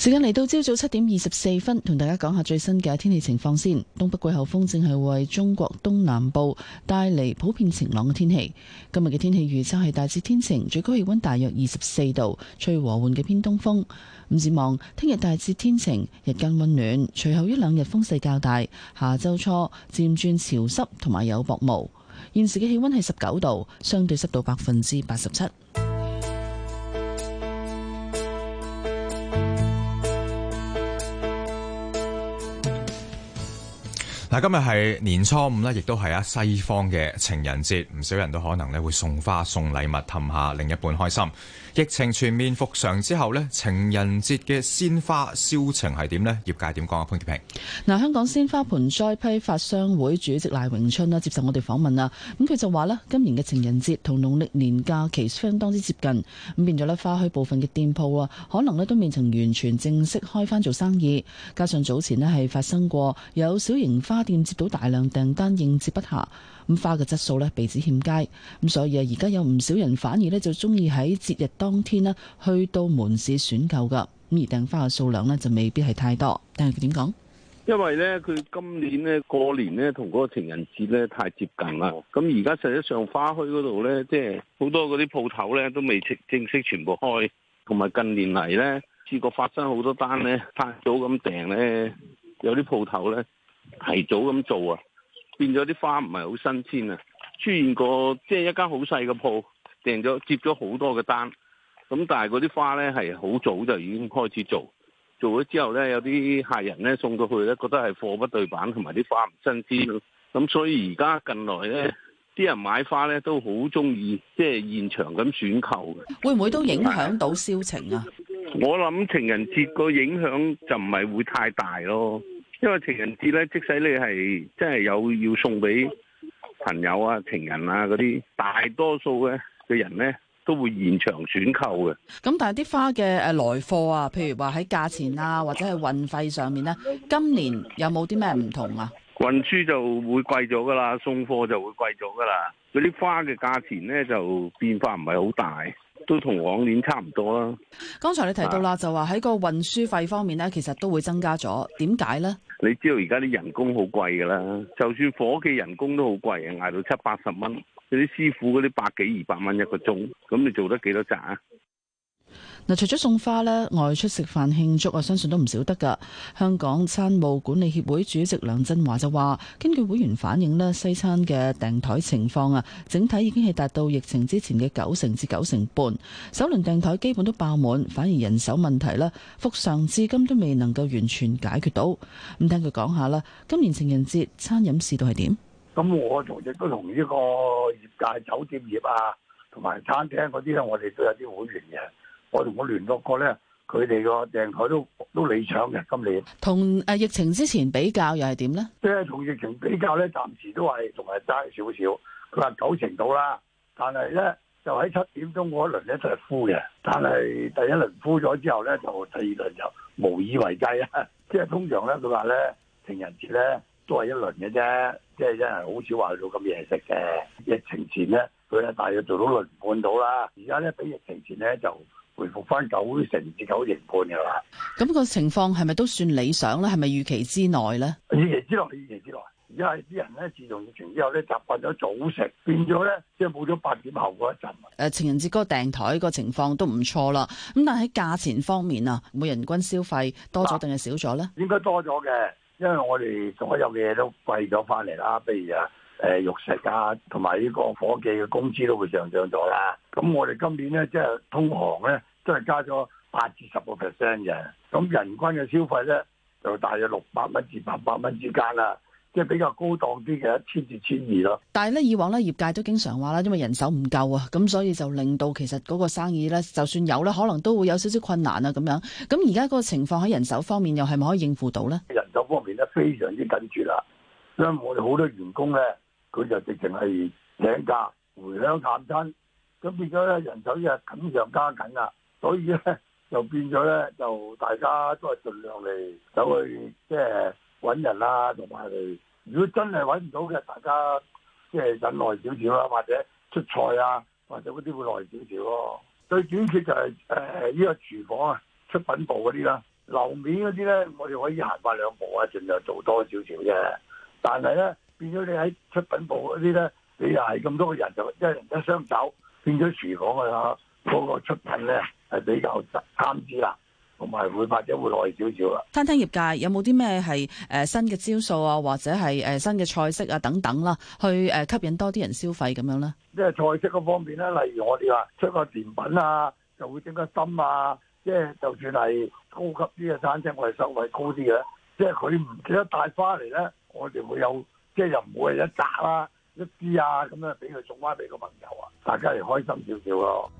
時間嚟到朝早七點二十四分，同大家講下最新嘅天氣情況先。東北季候風正係為中國東南部帶嚟普遍晴朗嘅天氣。今日嘅天氣預測係大致天晴，最高氣溫大約二十四度，吹和緩嘅偏東風。唔指望聽日大致天晴，日間溫暖，隨後一兩日風勢較大，下周初漸轉潮濕同埋有薄霧。現時嘅氣溫係十九度，相對濕度百分之八十七。嗱，今日係年初五咧，亦都係啊西方嘅情人節，唔少人都可能咧會送花送禮物，氹下另一半開心。疫情全面復常之後咧，情人節嘅鮮花銷情係點呢？業界點講啊？潘潔平，嗱，香港鮮花盆栽批發商會主席賴榮春啦，接受我哋訪問啊，咁佢就話咧，今年嘅情人節同農曆年假期相當之接近，咁變咗咧，花墟部分嘅店鋪啊，可能咧都未曾完全正式開翻做生意，加上早前咧係發生過有小型花店接到大量訂單，應接不暇。咁花嘅質素咧被指欠佳，咁所以啊，而家有唔少人反而咧就鍾意喺節日當天咧去到門市選購㗎，咁而訂花嘅數量咧就未必係太多。但係佢點講？因為咧，佢今年咧過年咧同嗰個情人節咧太接近啦。咁而家實際上花墟嗰度咧，即係好多嗰啲鋪頭咧都未正式全部開，同埋近年嚟咧試過發生好多單咧太早咁訂咧，有啲鋪頭咧提早咁做啊。變咗啲花唔係好新鮮啊！出現過即係一間好細嘅鋪訂咗接咗好多嘅單，咁但係嗰啲花呢係好早就已經開始做，做咗之後呢，有啲客人呢送到去呢，覺得係貨不對板同埋啲花唔新鮮，咁所以而家近來呢啲人買花呢都好中意即係現場咁選購嘅，會唔會都影響到銷情啊？我諗情人節個影響就唔係會太大咯。因為情人節咧，即使你係真係有要送俾朋友啊、情人啊嗰啲，大多數咧嘅人咧都會現場選購嘅。咁但係啲花嘅誒來貨啊，譬如話喺價錢啊或者係運費上面咧，今年有冇啲咩唔同啊？運輸就會貴咗噶啦，送貨就會貴咗噶啦。嗰啲花嘅價錢咧就變化唔係好大。都同往年差唔多啦。剛才你提到啦，啊、就話喺個運輸費方面咧，其實都會增加咗。點解呢？你知道而家啲人工好貴㗎啦，就算伙計人工都好貴啊，捱到七八十蚊。啲師傅嗰啲百幾二百蚊一個鐘，咁你做得幾多賺？啊嗱，除咗送花咧，外出食飯慶祝啊，相信都唔少得㗎。香港餐務管理協會主席梁振華就話：根據會員反映咧，西餐嘅訂枱情況啊，整體已經係達到疫情之前嘅九成至九成半，首輪訂枱基本都爆滿，反而人手問題咧，復常至今都未能夠完全解決到。咁聽佢講下啦，今年情人節餐飲市道係點？咁我亦都同呢個業界、酒店業啊，同埋餐廳嗰啲咧，我哋都有啲會員嘅。我同我聯絡過咧，佢哋個訂台都都理想嘅。今年同誒、啊、疫情之前比較又係點咧？即係同疫情比較咧，暫時都話係仲係差少少。佢話九成到啦，但係咧就喺七點鐘嗰一輪咧就係敷嘅。但係第一輪敷咗之後咧，就第二輪就無以為繼啦。即、就、係、是、通常咧，佢話咧情人節咧都係一輪嘅啫，即、就、係、是、真係好少話做咁嘢食嘅。疫情前咧，佢咧大約做到輪半到啦。而家咧比疫情前咧就。就回復翻九成至九成半㗎啦，咁個情況係咪都算理想咧？係咪預期之內咧？預期之內，預期之內。因為啲人咧自從疫情之後咧，習慣咗早食，變咗咧即係冇咗八點後嗰一陣。誒、呃、情人節嗰個訂台個情況都唔錯啦。咁但係喺價錢方面啊，每人均消費多咗定係少咗咧？應該多咗嘅，因為我哋所有嘅嘢都貴咗翻嚟啦。譬如啊，誒、呃、肉食啊，同埋呢個伙計嘅工資都會上漲咗啦。咁我哋今年咧即係通航咧。都係加咗八至十個 percent 嘅，咁人均嘅消費咧就大約六百蚊至八百蚊之間啦，即係比較高檔啲嘅一千至千二咯。但係咧以往咧業界都經常話啦，因為人手唔夠啊，咁所以就令到其實嗰個生意咧，就算有咧，可能都會有少少困難啊咁樣。咁而家嗰個情況喺人手方面又係咪可以應付到咧？人手方面咧非常之緊張啦，因為我哋好多員工咧佢就直情係請假回鄉探親，咁變咗咧人手又緊上加緊啦。所以咧就變咗咧，就大家都係盡量嚟走去、嗯、即係揾人啦、啊。同埋嚟。如果真係揾唔到嘅，大家即係忍耐少少啦，或者出菜啊，或者嗰啲會耐少少咯。最短缺就係誒呢個廚房啊，出品部嗰啲啦，樓面嗰啲咧，我哋可以行快兩步啊，儘量做多少少啫。但係咧變咗你喺出品部嗰啲咧，你又係咁多個人就，就一、是、人家想走，變咗廚房啊嗰、嗰個出品咧。係比較參差啦，同埋會或者會耐少少啦。餐廳業界有冇啲咩係誒新嘅招數啊？或者係誒新嘅菜式啊等等啦、啊，去誒吸引多啲人消費咁樣咧？即係菜式嗰方面咧，例如我哋話、啊、出個甜品啊，就會更加深啊。即係就算係高級啲嘅餐廳，我哋收費高啲嘅，即係佢唔記得帶花嚟咧，我哋會有即係又唔會一紮啦、啊、一枝啊咁樣俾佢送翻俾個朋友啊，大家嚟開心少少咯。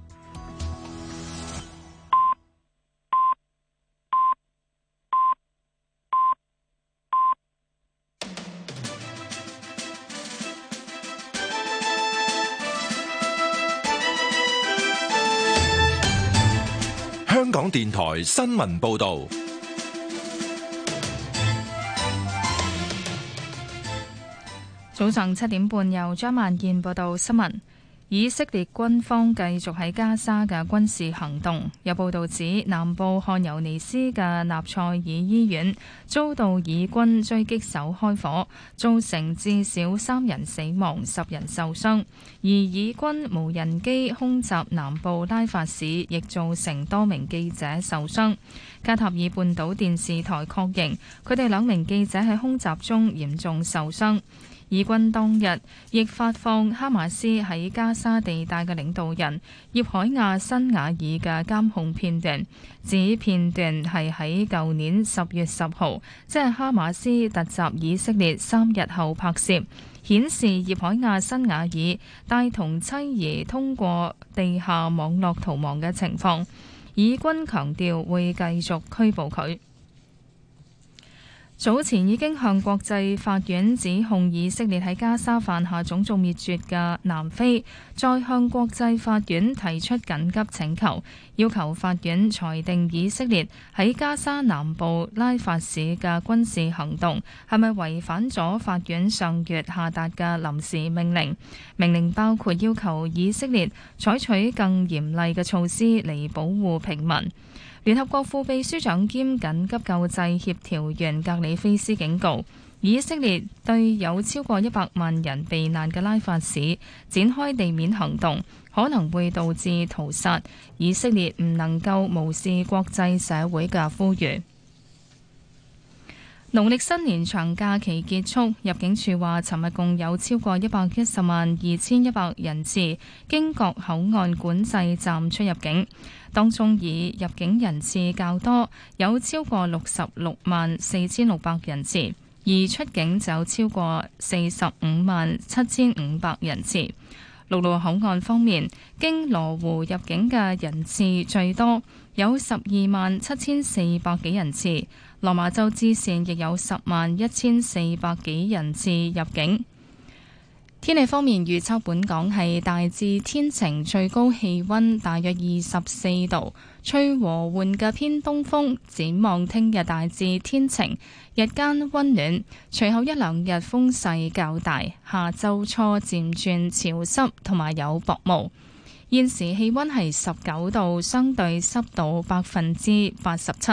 香港電台新聞報道。早上七點半，由張萬健報道新聞。以色列軍方繼續喺加沙嘅軍事行動，有報道指南部漢尤尼斯嘅納賽爾醫院遭到以軍狙擊手開火，造成至少三人死亡、十人受傷。而以軍無人機空襲南部拉法市，亦造成多名記者受傷。加塔爾半島電視台確認，佢哋兩名記者喺空襲中嚴重受傷。以軍當日亦發放哈馬斯喺加沙地帶嘅領導人葉海亞·新雅爾嘅監控片段，指片段係喺舊年十月十號，即係哈馬斯突襲以色列三日後拍攝，顯示葉海亞·新雅爾帶同妻兒通過地下網絡逃亡嘅情況。以軍強調會繼續拘捕佢。早前已經向國際法院指控以色列喺加沙犯下種族滅絕嘅南非，再向國際法院提出緊急請求，要求法院裁定以色列喺加沙南部拉法市嘅軍事行動係咪違反咗法院上月下達嘅臨時命令。命令包括要求以色列採取更嚴厲嘅措施嚟保護平民。聯合國副秘書長兼緊急救濟協調員格里菲斯警告，以色列對有超過一百萬人避難嘅拉法市展開地面行動，可能會導致屠殺。以色列唔能夠無視國際社會嘅呼籲。農曆新年長假期結束，入境處話，尋日共有超過一百一十萬二千一百人次經各口岸管制站出入境，當中以入境人次較多，有超過六十六萬四千六百人次，而出境就超過四十五萬七千五百人次。陸路口岸方面，經羅湖入境嘅人次最多，有十二萬七千四百幾人次。落馬洲支線亦有十萬一千四百幾人次入境。天氣方面，預測本港係大致天晴，最高氣溫大約二十四度，吹和緩嘅偏東風。展望聽日大致天晴，日間溫暖，隨後一兩日風勢較大，下周初漸轉潮濕同埋有薄霧。現時氣溫係十九度，相對濕度百分之八十七。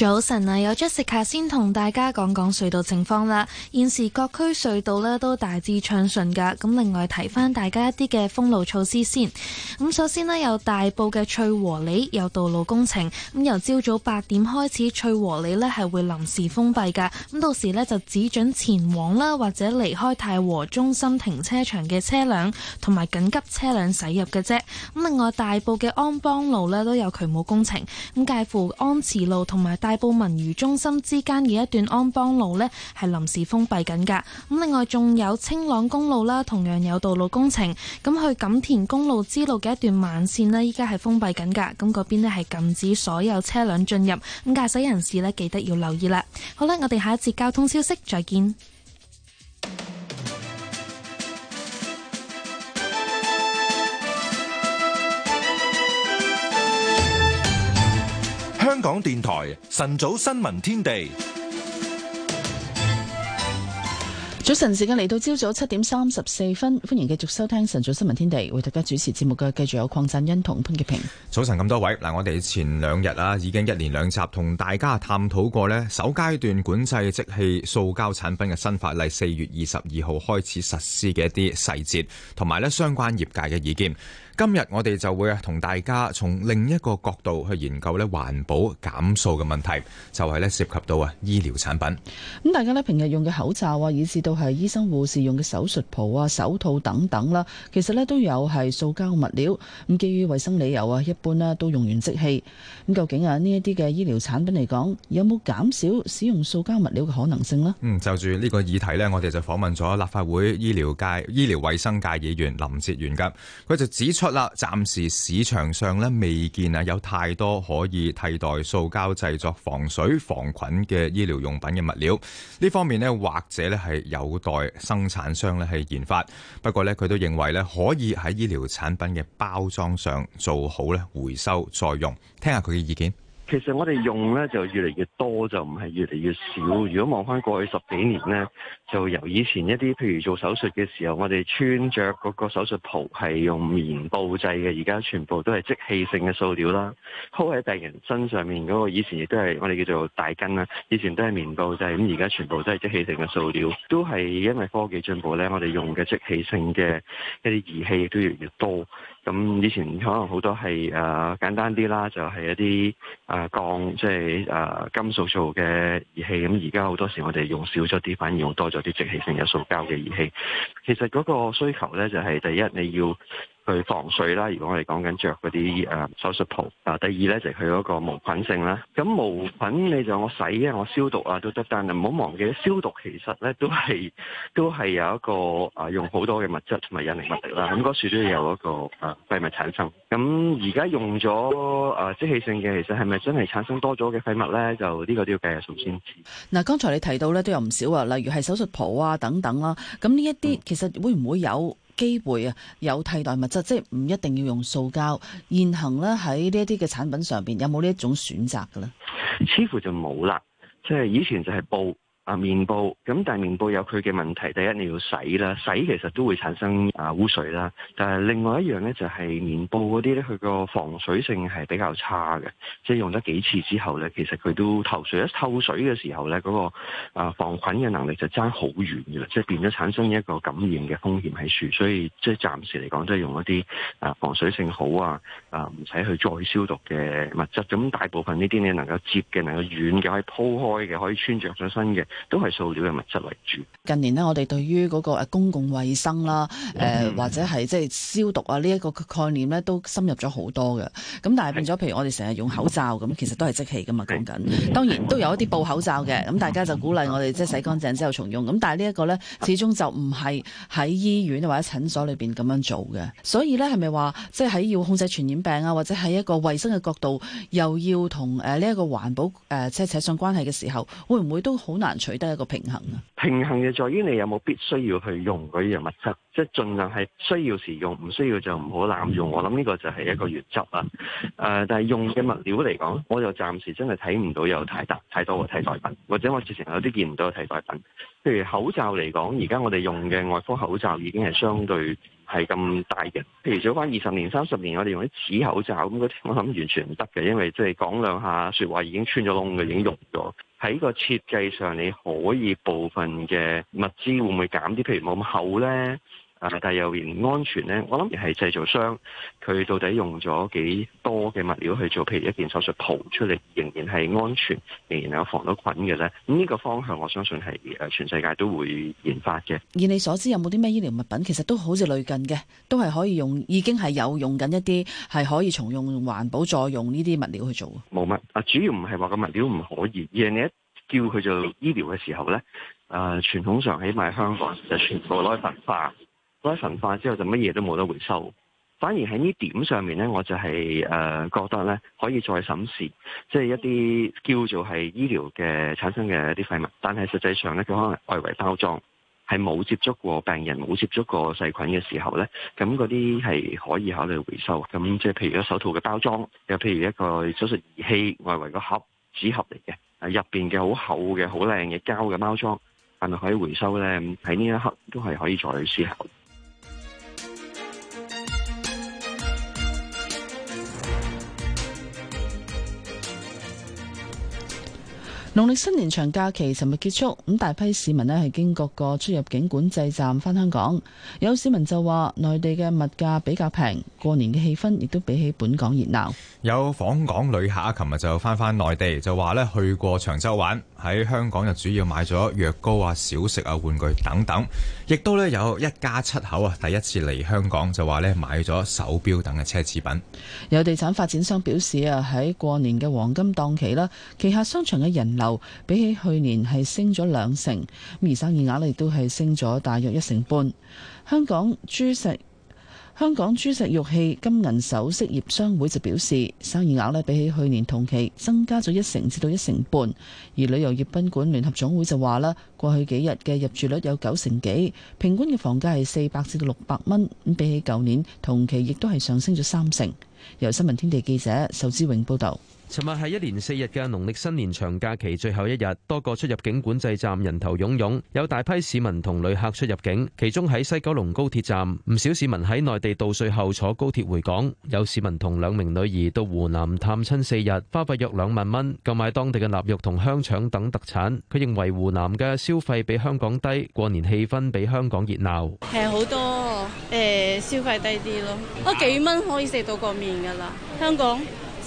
早晨啊，有 Jessica 先同大家講講隧道情況啦。現時各區隧道咧都大致暢順噶。咁另外提翻大家一啲嘅封路措施先。咁首先咧有大埔嘅翠和里有道路工程，咁由朝早八點開始，翠和里咧係會臨時封閉噶。咁到時咧就只准前往啦或者離開太和中心停車場嘅車輛同埋緊急車輛駛入嘅啫。咁另外大埔嘅安邦路咧都有渠務工程，咁介乎安慈路同埋大大埔文娛中心之間嘅一段安邦路呢，係臨時封閉緊噶。咁另外仲有青朗公路啦，同樣有道路工程。咁去錦田公路支路嘅一段慢線呢，依家係封閉緊噶。咁嗰邊呢，係禁止所有車輛進入。咁駕駛人士呢，記得要留意啦。好啦，我哋下一節交通消息，再見。香港電台晨早新聞天地，早晨時間嚟到朝早七點三十四分，歡迎繼續收聽晨早新聞天地，為大家主持節目嘅繼續有鄺振欣同潘潔平。早晨咁多位，嗱我哋前兩日啦已經一連兩集同大家探討過呢首階段管制即棄塑膠產品嘅新法例四月二十二號開始實施嘅一啲細節，同埋呢相關業界嘅意見。今日我哋就會啊同大家從另一個角度去研究咧環保減塑嘅問題，就係咧涉及到啊醫療產品。咁大家咧平日用嘅口罩啊，以至到係醫生護士用嘅手術袍啊、手套等等啦，其實咧都有係塑膠物料。咁基於衛生理由啊，一般咧都用完即棄。咁究竟啊呢一啲嘅醫療產品嚟講，有冇減少使用塑膠物料嘅可能性咧？嗯，就住呢個議題咧，我哋就訪問咗立法會醫療界、醫療衛生界議員林哲玄噶，佢就指出。啦，暫時市場上咧未見啊有太多可以替代塑膠製作防水防菌嘅醫療用品嘅物料。呢方面咧，或者咧係有待生產商咧係研發。不過咧，佢都認為咧可以喺醫療產品嘅包裝上做好咧回收再用。聽下佢嘅意見。其實我哋用咧就越嚟越多，就唔係越嚟越少。如果望返過去十幾年呢，就由以前一啲譬如做手術嘅時候，我哋穿着嗰個手術袍係用棉布製嘅，而家全部都係即棄性嘅塑料啦。鋪喺病人身上面嗰個以前亦都係我哋叫做大根啦，以前都係棉布製，咁而家全部都係即棄性嘅塑料，都係因為科技進步呢，我哋用嘅即棄性嘅一啲儀器都越嚟越多。咁以前可能好多係誒、呃、簡單啲啦，就係、是、一啲誒、呃、鋼即係誒金屬做嘅儀器。咁而家好多時我哋用少咗啲，反而用多咗啲即棄性有塑膠嘅儀器。其實嗰個需求呢，就係、是、第一你要。去防水啦！如果我哋講緊着嗰啲誒手術袍啊，第二咧就係佢嗰個無菌性啦。咁無菌，你就我洗啊，我消毒啊都得，但係唔好忘記消毒其實咧都係都係有一個誒用好多嘅物質同埋引形物質啦。咁嗰處都要有一個誒廢物產生。咁而家用咗誒即棄性嘅，其實係咪真係產生多咗嘅廢物咧？就呢個都要計啊。首先，嗱，剛才你提到咧都有唔少啊，例如係手術袍啊等等啦。咁呢一啲其實會唔會有？嗯機會啊，有替代物質，即係唔一定要用塑膠。現行咧喺呢一啲嘅產品上邊，有冇呢一種選擇嘅咧？似乎就冇啦，即係以前就係布。啊，棉布咁，但係棉布有佢嘅問題。第一，你要洗啦，洗其實都會產生啊污水啦。但係另外一樣呢，就係棉布嗰啲呢，佢個防水性係比較差嘅。即係用咗幾次之後呢，其實佢都透水。一透水嘅時候呢，嗰個啊防菌嘅能力就爭好遠嘅，即係變咗產生一個感染嘅風險喺處。所以即係暫時嚟講，都係用一啲啊防水性好啊啊唔使去再消毒嘅物質。咁大部分呢啲你能夠摺嘅、能夠軟嘅、可以鋪開嘅、可以穿着上身嘅。都係塑料嘅物質為主。近年呢，我哋對於嗰個公共衛生啦，誒、呃、或者係即係消毒啊呢一、這個概念呢，都深入咗好多嘅。咁但係變咗，是譬如我哋成日用口罩咁， [LAUGHS] 其實都係即棄噶嘛。講緊是，當然都 [LAUGHS] 有一啲布口罩嘅，咁大家就鼓勵我哋即係洗乾淨之後重用。咁但係呢一個呢，始終就唔係喺醫院或者診所裏邊咁樣做嘅。所以呢，係咪話即係喺要控制傳染病啊，或者喺一個衞生嘅角度，又要同誒呢一個環保誒即係扯上關係嘅時候，會唔會都好難？取得一個平衡啊！平衡嘅在於你有冇必須要去用嗰啲嘢物質，即係儘量係需要時用，唔需要就唔好濫用。我諗呢個就係一個原則啦。誒、呃，但係用嘅物料嚟講，我就暫時真係睇唔到有太大太多嘅替代品，或者我之前有啲見唔到嘅替代品。譬如口罩嚟講，而家我哋用嘅外科口罩已經係相對係咁大嘅。譬如早翻二十年、三十年，我哋用啲紙口罩咁嗰啲，我諗完全唔得嘅，因為即係講兩下説話已經穿咗窿嘅，已經用咗。喺個設計上，你可以部分嘅物資會唔會減啲？譬如冇咁厚呢？啊！但係又連安全咧，我諗係製造商佢到底用咗幾多嘅物料去做？譬如一件手術袍出嚟，仍然係安全，仍然有防到菌嘅咧。咁、這、呢個方向，我相信係誒全世界都會研發嘅。以你所知，有冇啲咩醫療物品其實都好似類近嘅，都係可以用，已經係有用緊一啲係可以重用、環保再用呢啲物料去做？冇乜，啊，主要唔係話個物料唔可以，而係你一叫佢做醫療嘅時候咧，誒、呃、傳統上起碼香港就全部攞去焚化。嗰啲焚化之後就乜嘢都冇得回收，反而喺呢點上面呢，我就係、是、誒、呃、覺得呢，可以再審視，即、就、係、是、一啲叫做係醫療嘅產生嘅一啲廢物，但係實際上呢，佢可能外圍包裝係冇接觸過病人、冇接觸過細菌嘅時候呢，咁嗰啲係可以考慮回收。咁即係譬如一手套嘅包裝，又譬如一個手術儀器外圍個盒紙盒嚟嘅，入邊嘅好厚嘅好靚嘅膠嘅包裝，係咪可以回收呢？喺呢一刻都係可以再思考。農曆新年長假期尋日結束，咁大批市民咧，係經各個出入境管制站返香港。有市民就話，內地嘅物價比較平，過年嘅氣氛亦都比起本港熱鬧。有訪港旅客啊，琴日就翻返內地，就話咧去過長洲玩，喺香港就主要買咗藥膏啊、小食啊、玩具等等，亦都咧有一家七口啊，第一次嚟香港就話咧買咗手表等嘅奢侈品。有地產發展商表示啊，喺過年嘅黃金檔期啦，旗下商場嘅人流比起去年係升咗兩成，而生意額亦都係升咗大約一成半。香港朱食。香港珠石玉器、金銀首飾業商會就表示，生意額呢，比起去年同期增加咗一成至到一成半。而旅遊業賓館聯合總會就話啦，過去幾日嘅入住率有九成幾，平均嘅房價係四百至到六百蚊，咁比起舊年同期亦都係上升咗三成。由新聞天地記者仇志永報導。尋日係一連四日嘅農曆新年長假期最後一日，多個出入境管制站人頭湧湧，有大批市民同旅客出入境。其中喺西九龍高鐵站，唔少市民喺內地度歲後坐高鐵回港。有市民同兩名女兒到湖南探親四日，花費約兩萬蚊，購買當地嘅臘肉同香腸等特產。佢認為湖南嘅消費比香港低，過年氣氛比香港熱鬧，平好多，誒，消費低啲咯，啊，幾蚊可以食到個麵㗎喇，香港。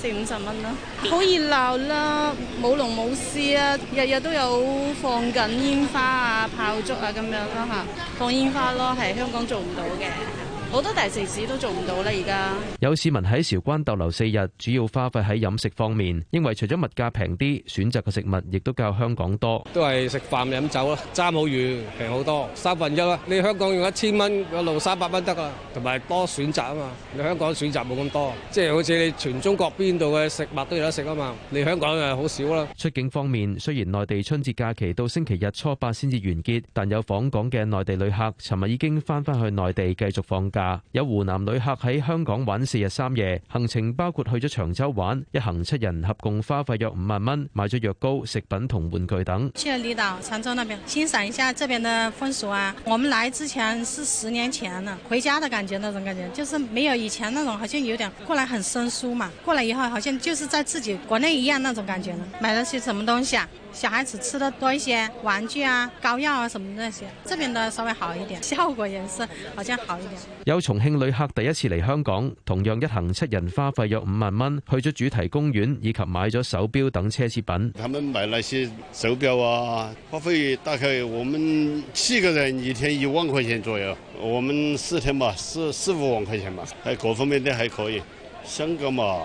四五十蚊咯，好熱鬧啦，舞龍舞獅啊，日日都有放緊煙花啊、炮竹啊咁樣咯、啊、吓，放煙花咯，係香港做唔到嘅。好多大城市都做唔到啦！而家有市民喺韶關逗留四日，主要花費喺飲食方面，因為除咗物價平啲，選擇嘅食物亦都較香港多。都係食飯飲酒啦，差好遠，平好多，三分一啦。你香港用一千蚊嗰路三百蚊得噶，同埋多選擇啊嘛。你香港選擇冇咁多，即係好似你全中國邊度嘅食物都有得食啊嘛。你香港誒好少啦。出境方面，雖然內地春節假期到星期日初八先至完結，但有訪港嘅內地旅客，尋日已經翻返去內地繼續放假。有湖南旅客喺香港玩四日三夜，行程包括去咗長洲玩，一行七人合共花費約五萬蚊，買咗藥膏、食品同玩具等。去了離島長洲那邊，欣賞一下這邊的風俗啊！我們來之前是十年前了，回家的感覺那種感覺，就是沒有以前那種，好像有點過來很生疏嘛。過來以後，好像就是在自己國內一樣那種感覺，買了些什麼東西啊？小孩子吃的多一些，玩具啊、膏藥啊什麼那些，這邊的稍微好一點，效果也是好像好一點。有重慶旅客第一次來香港，同樣一行七人花費約五萬蚊，去咗主題公園以及買咗手表等奢侈品。他們買那些手表啊，花費大概我們七個人一天一萬塊錢左右，我們四天嘛，四四五萬塊錢嘛，還各方面都還可以。香港嘛，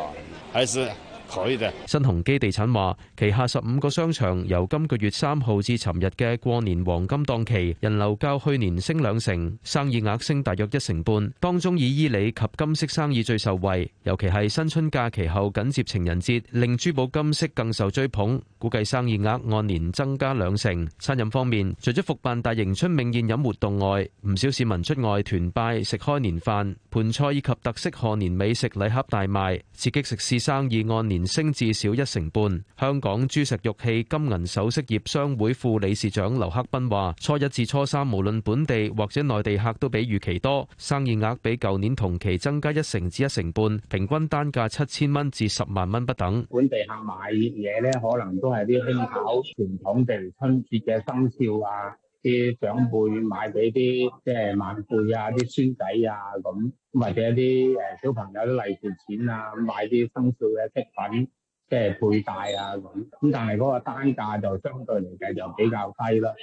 還是。可以嘅。新鴻基地產話，旗下十五個商場由今個月三號至尋日嘅過年黃金檔期人流較去年升兩成，生意額升大約一成半。當中以衣履及金飾生意最受惠，尤其係新春假期後緊接情人節，令珠寶金飾更受追捧，估計生意額按年增加兩成。餐飲方面，除咗復辦大型春茗宴飲活動外，唔少市民出外團拜、食開年飯、盤菜以及特色賀年美食禮盒大賣，刺激食肆生意按年，升至少一成半。香港珠石玉器金銀首飾業商會副理事長劉克斌話，初一至初三，無論本地或者內地客都比預期多，生意額比舊年同期增加一成至一成半，平均單價七千蚊至十萬蚊不等。本地客買嘢咧，可能都係啲輕巧傳統地，春節嘅生肖啊。啲長輩買俾啲即係晚輩啊，啲孫仔啊咁，或者一啲誒小朋友啲利是錢啊，買啲生肖嘅飾品，即係佩戴啊咁。咁但係嗰個單價就相對嚟計就比較低啦。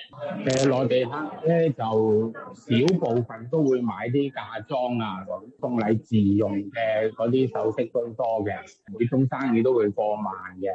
誒內地客咧就少部分都會買啲嫁妝啊、送禮自用嘅嗰啲首飾都多嘅，每宗生意都會過萬嘅。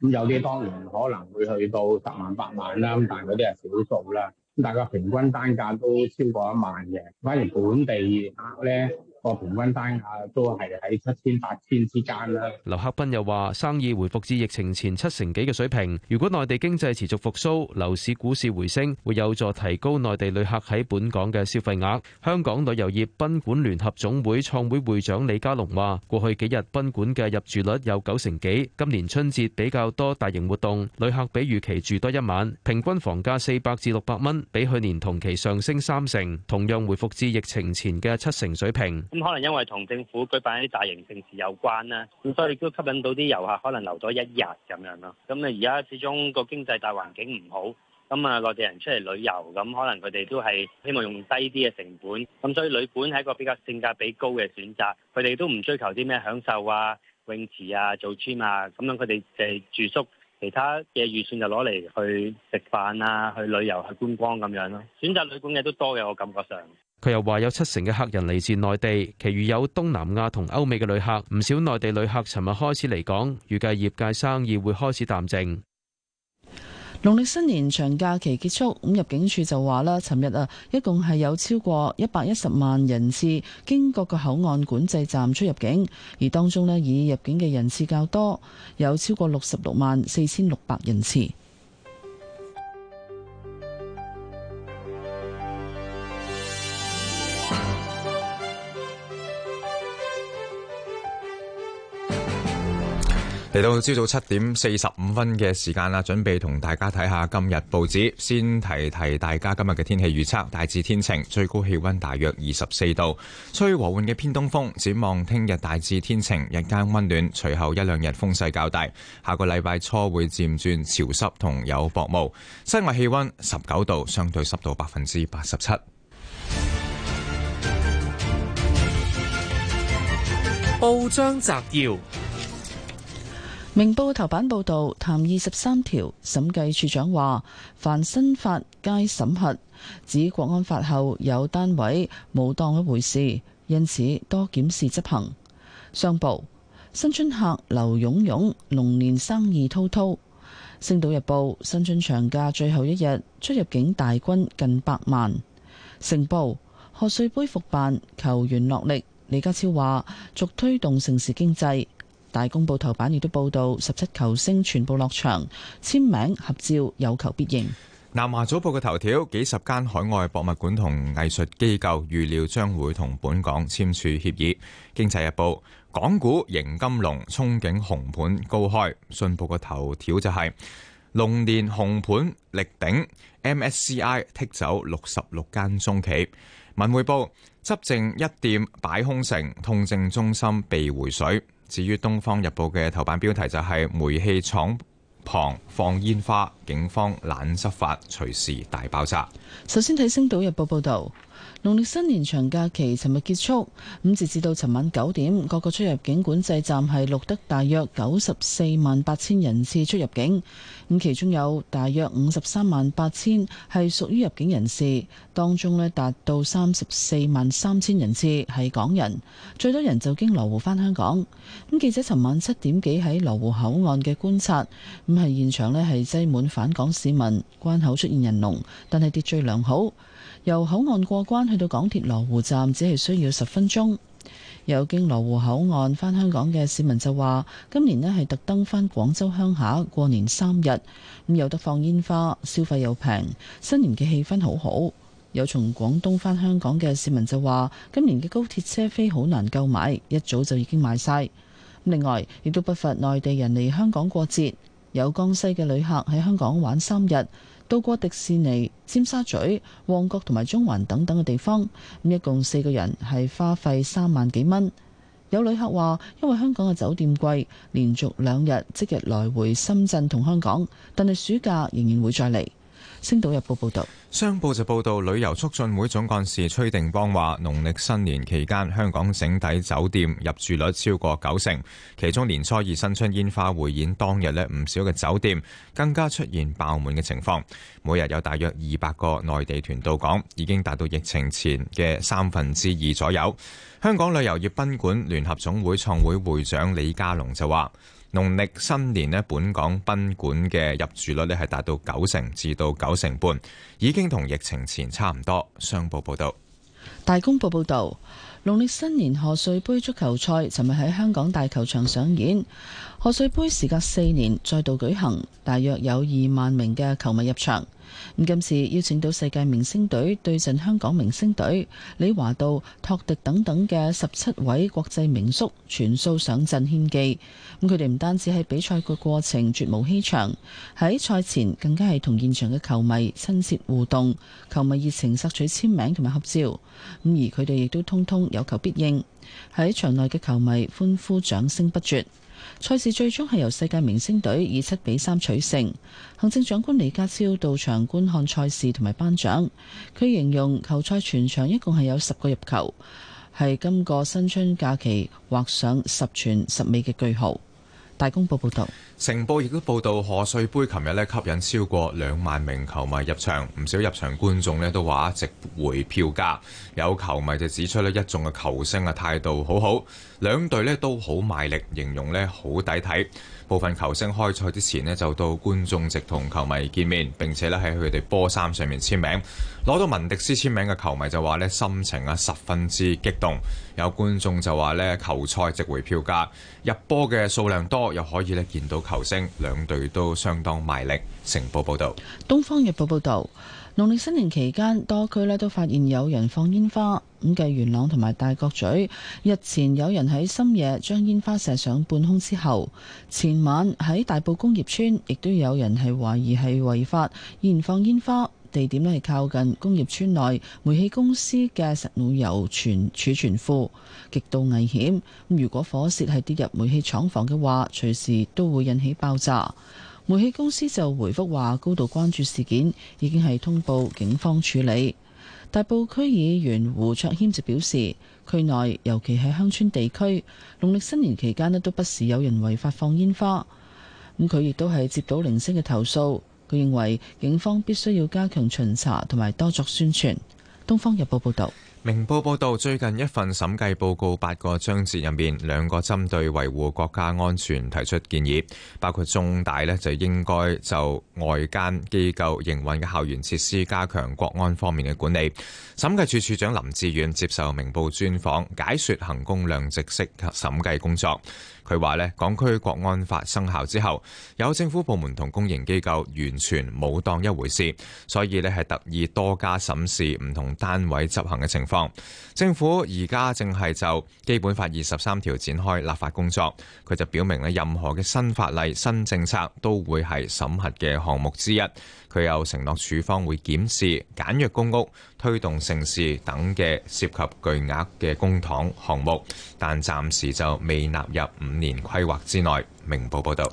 咁有啲當然可能會去到十萬、百萬啦，咁但係嗰啲係少數啦。大概平均單價都超過一萬嘅，反而本地客咧，個平均單價都係喺七千八千之間啦。劉克斌又話生意回復至疫情前七成幾嘅水平。如果內地經濟持續復蘇，樓市股市回升，會有助提高內地旅客喺本港嘅消費額。香港旅遊業賓館聯合總會創會會長李家龍話，過去幾日賓館嘅入住率有九成幾。今年春節比較多大型活動，旅客比預期住多一晚，平均房價四百至六百蚊，比去年同期上升三成，同樣回復至疫情前嘅七成水平。咁可能因為同政府舉辦一啲大型盛事有關啦，咁所以都吸引到啲遊客可能留咗一日咁樣咯。咁你而家始終個經濟大環境唔好，咁啊，內地人出嚟旅遊，咁可能佢哋都係希望用低啲嘅成本，咁所以旅館係一個比較性價比高嘅選擇。佢哋都唔追求啲咩享受啊、泳池啊、做 gym 啊，咁樣佢哋就係住宿。其他嘅預算就攞嚟去食飯啊，去旅遊、去觀光咁樣咯。選擇旅館嘅都多嘅，我感覺上。佢又話有七成嘅客人嚟自內地，其餘有東南亞同歐美嘅旅客。唔少內地旅客尋日開始嚟港，預計業界生意會開始淡靜。農曆新年長假期結束，咁入境處就話啦，尋日啊，一共係有超過一百一十萬人次經各個口岸管制站出入境，而當中呢以入境嘅人次較多，有超過六十六萬四千六百人次。嚟到朝早七點四十五分嘅時間啦，準備同大家睇下今日報紙，先提提大家今日嘅天氣預測，大致天晴，最高氣溫大約二十四度，吹和緩嘅偏東風。展望聽日大致天晴，日間溫暖，隨後一兩日風勢較大。下個禮拜初會漸轉潮濕同有薄霧，室外氣溫十九度，相對濕度百分之八十七。報章摘要。明報頭版報道，談二十三條，審計署長話，凡新法皆審核，指國安法後有單位冇當一回事，因此多檢視執行。商報，新春客流湧湧，龍年生意滔滔。星島日報，新春長假最後一日，出入境大軍近百萬。成報，賀歲杯復辦，球員落力。李家超話，續推動城市經濟。大公報頭版亦都報道，十七球星全部落場簽名合照，有求必應。南華早報嘅頭條，幾十間海外博物館同藝術機構預料將會同本港簽署協議。經濟日報，港股迎金龍，憧憬紅盤高開。信報嘅頭條就係龍年紅盤力頂，MSCI 剔走六十六間中企。文匯報，執政一店擺空城，通證中心被回水。至於《東方日報》嘅頭版標題就係：煤氣廠旁放煙花，警方懶執法，隨時大爆炸。首先睇《星島日報》報道，農曆新年長假期尋日結束，咁截至到尋晚九點，各個出入境管制站係錄得大約九十四萬八千人次出入境。咁其中有大約五十三萬八千係屬於入境人士，當中咧達到三十四萬三千人次係港人，最多人就經羅湖返香港。咁記者尋晚七點幾喺羅湖口岸嘅觀察，咁係現場咧係擠滿返港市民，關口出現人龍，但係秩序良好。由口岸過關去到港鐵羅湖站，只係需要十分鐘。有經羅湖口岸返香港嘅市民就話：今年咧係特登返廣州鄉下過年三日，咁有得放煙花，消費又平，新年嘅氣氛好好。有從廣東返香港嘅市民就話：今年嘅高鐵車飛好難購買，一早就已經買晒。另外亦都不乏內地人嚟香港過節，有江西嘅旅客喺香港玩三日。到過迪士尼、尖沙咀、旺角同埋中環等等嘅地方，咁一共四個人係花費三萬幾蚊。有旅客話，因為香港嘅酒店貴，連續兩日即日來回深圳同香港，但係暑假仍然會再嚟。星島日報報道。商報就報道，旅遊促進會總幹事崔定邦話，農曆新年期間香港整體酒店入住率超過九成，其中年初二新春煙花匯演當日呢，唔少嘅酒店更加出現爆滿嘅情況，每日有大約二百個內地團到港，已經達到疫情前嘅三分之二左右。香港旅遊業賓館聯合總會創會會長李家龍就話。農曆新年咧，本港賓館嘅入住率咧係達到九成至到九成半，已經同疫情前差唔多。商報報道，大公報報道，農曆新年賀歲杯足球賽，尋日喺香港大球場上演。賀歲杯時隔四年再度舉行，大約有二萬名嘅球迷入場。咁今次邀請到世界明星隊對陣香港明星隊，李華道、托迪等等嘅十七位國際名宿，全數上陣獻技。咁佢哋唔單止喺比賽個過程絕無欺場，喺賽前更加係同現場嘅球迷親切互動，球迷熱情索取簽名同埋合照。咁而佢哋亦都通通有求必應，喺場內嘅球迷歡呼掌聲不絕。賽事最終係由世界明星隊以七比三取勝。行政長官李家超到場觀看賽事同埋頒獎。佢形容球賽全場一共係有十個入球，係今個新春假期畫上十全十美嘅句號。大公報報道。成報亦都報道，賀歲杯琴日咧吸引超過兩萬名球迷入場，唔少入場觀眾咧都話值回票價。有球迷就指出咧，一眾嘅球星啊態度好好，兩隊咧都好賣力，形容咧好抵睇。部分球星開賽之前咧就到觀眾席同球迷見面，並且咧喺佢哋波衫上面簽名。攞到文迪斯簽名嘅球迷就話咧心情啊十分之激動。有觀眾就話咧球賽值回票價，入波嘅數量多又可以咧見到。球勝，兩隊都相當賣力。成報報道，東方日報報道，農曆新年期間多區咧都發現有人放煙花。咁繼元朗同埋大角咀日前有人喺深夜將煙花射上半空之後，前晚喺大埔工業村亦都有人係懷疑係違法燃放煙花。地點咧係靠近工業村內煤氣公司嘅石腦油存儲存庫，極度危險。如果火舌係跌入煤氣廠房嘅話，隨時都會引起爆炸。煤氣公司就回復話，高度關注事件，已經係通報警方處理。大埔區議員胡卓謙就表示，區內尤其係鄉村地區，農曆新年期間咧都不時有人違法放煙花，咁佢亦都係接到零星嘅投訴。佢認為警方必須要加強巡查同埋多作宣傳。《東方日報》報道。《明報》報道最近一份審計報告，八個章節入面，兩個針對維護國家安全提出建議，包括中大呢，就應該就外間機構營運嘅校園設施加強國安方面嘅管理。審計署署長林志遠接受《明報》專訪，解説衡工量值式審計工作。佢話呢，港區國安法生效之後，有政府部門同公營機構完全冇當一回事，所以咧係特意多加審視唔同單位執行嘅情況。政府而家正係就基本法二十三條展開立法工作。佢就表明咧，任何嘅新法例、新政策都會係審核嘅項目之一。佢有承諾，署方會檢視簡約公屋、推動城市等嘅涉及巨額嘅公帑項目，但暫時就未納入五年規劃之內，明報報導；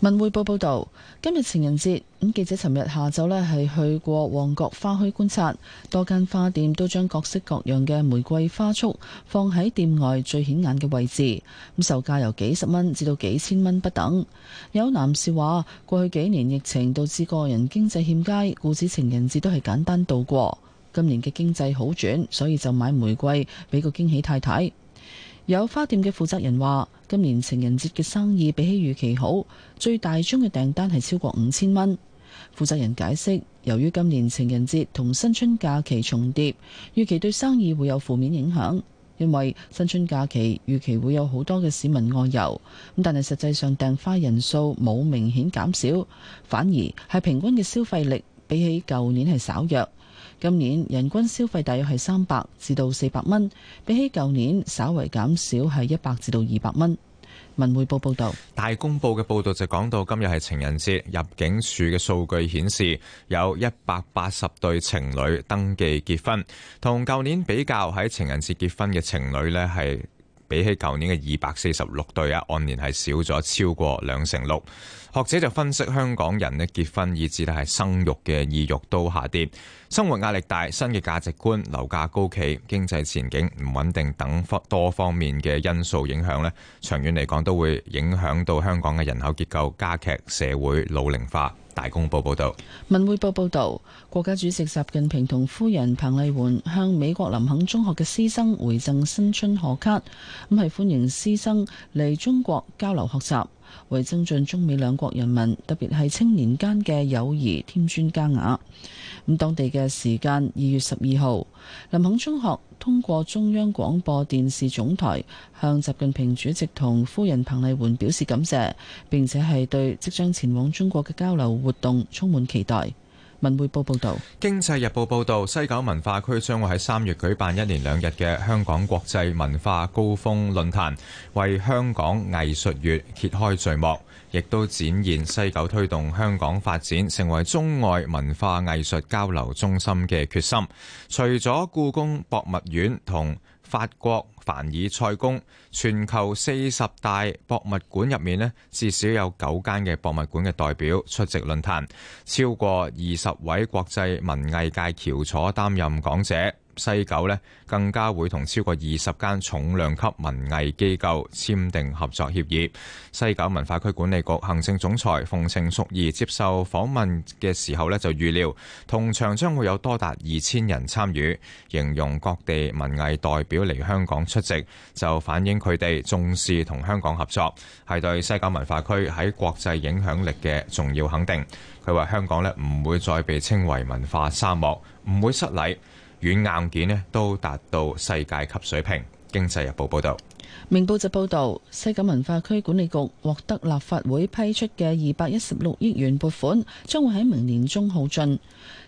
文匯報報導，今日情人節，咁記者尋日下晝呢係去過旺角花墟觀察，多間花店都將各式各樣嘅玫瑰花束放喺店外最顯眼嘅位置，咁售價由幾十蚊至到幾千蚊不等。有男士話：過去幾年疫情導致個人經濟欠佳，故此情人節都係簡單度過。今年嘅經濟好轉，所以就買玫瑰俾個驚喜太太。有花店嘅負責人話，今年情人節嘅生意比起預期好，最大宗嘅訂單係超過五千蚊。負責人解釋，由於今年情人節同新春假期重疊，預期對生意會有負面影響，因為新春假期預期會有好多嘅市民外遊，咁但係實際上訂花人數冇明顯減少，反而係平均嘅消費力比起舊年係稍弱。今年人均消費大約係三百至到四百蚊，比起舊年稍為減少係一百至到二百蚊。文匯報報道，大公報嘅報導就講到今日係情人節，入境處嘅數據顯示有一百八十對情侶登記結婚，同舊年比較喺情人節結婚嘅情侶呢係比起舊年嘅二百四十六對啊，按年係少咗超過兩成六。學者就分析香港人呢，結婚以至咧係生育嘅意欲都下跌，生活壓力大、新嘅價值觀、樓價高企、經濟前景唔穩定等多方面嘅因素影響呢，長遠嚟講都會影響到香港嘅人口結構，加劇社會老齡化。大公報報導，文匯報報導，國家主席習近平同夫人彭麗媛向美國林肯中學嘅師生回贈新春賀卡，咁係歡迎師生嚟中國交流學習。為增進中美兩國人民，特別係青年間嘅友誼，添磚加瓦。咁當地嘅時間二月十二號，林肯中學通過中央廣播電視總台向習近平主席同夫人彭麗媛表示感謝，並且係對即將前往中國嘅交流活動充滿期待。文匯報報道，《經濟日報》報道，西九文化區將會喺三月舉辦一連兩日嘅香港國際文化高峰論壇，為香港藝術月揭開序幕，亦都展現西九推動香港發展，成為中外文化藝術交流中心嘅決心。除咗故宮博物院同法國。凡爾賽宮，全球四十大博物館入面咧，至少有九間嘅博物館嘅代表出席論壇，超過二十位國際文藝界翹楚擔任講者。西九呢更加會同超過二十間重量級文藝機構簽訂合作協議。西九文化區管理局行政總裁馮程淑儀接受訪問嘅時候呢，就預料同場將會有多達二千人參與，形容各地文藝代表嚟香港出席就反映佢哋重視同香港合作，係對西九文化區喺國際影響力嘅重要肯定。佢話：香港呢唔會再被稱為文化沙漠，唔會失禮。軟硬件咧都達到世界級水平。經濟日報報導，明報就報導西九文化區管理局獲得立法會批出嘅二百一十六億元撥款，將會喺明年中耗盡。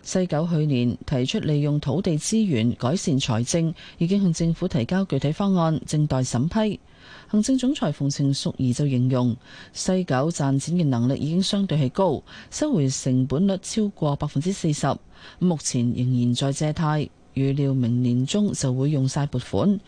西九去年提出利用土地資源改善財政，已經向政府提交具體方案，正待審批。行政總裁馮程淑儀就形容，西九賺錢嘅能力已經相對係高，收回成本率超過百分之四十，目前仍然在借貸。預料明年中就會用晒撥款。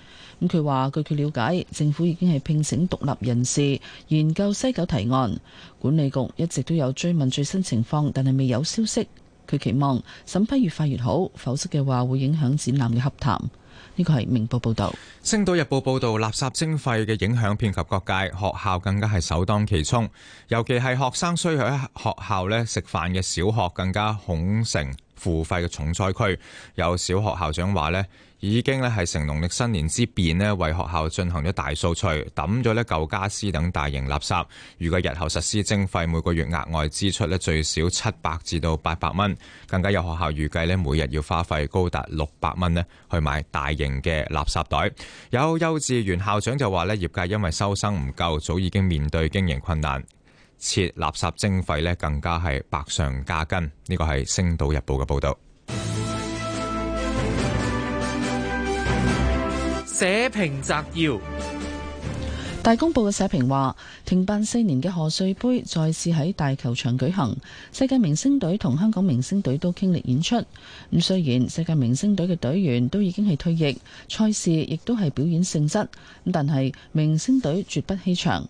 咁佢話，據佢了解，政府已經係聘請獨立人士研究西九提案。管理局一直都有追問最新情況，但係未有消息。佢期望審批越快越好，否則嘅話會影響展覽嘅洽談。呢個係明報報道。星島日報報道，垃圾徵費嘅影響遍及各界，學校更加係首當其衝，尤其係學生需要喺學校咧食飯嘅小學更加恐成。付費嘅重災區，有小學校長話咧，已經咧係成農曆新年之變咧，為學校進行咗大掃除，抌咗咧舊傢俬等大型垃圾。如果日後實施徵費，每個月額外支出咧最少七百至到八百蚊，更加有學校預計咧每日要花費高達六百蚊咧去買大型嘅垃圾袋。有幼稚園校長就話咧，業界因為收生唔夠，早已經面對經營困難。設垃圾徵費呢，更加係百上加斤。呢、這個係《星島日報》嘅報道。社評摘要：大公報嘅社評話，停辦四年嘅賀歲杯再次喺大球場舉行，世界明星隊同香港明星隊都傾力演出。咁雖然世界明星隊嘅隊員都已經係退役，賽事亦都係表演性質，咁但係明星隊絕不欺場。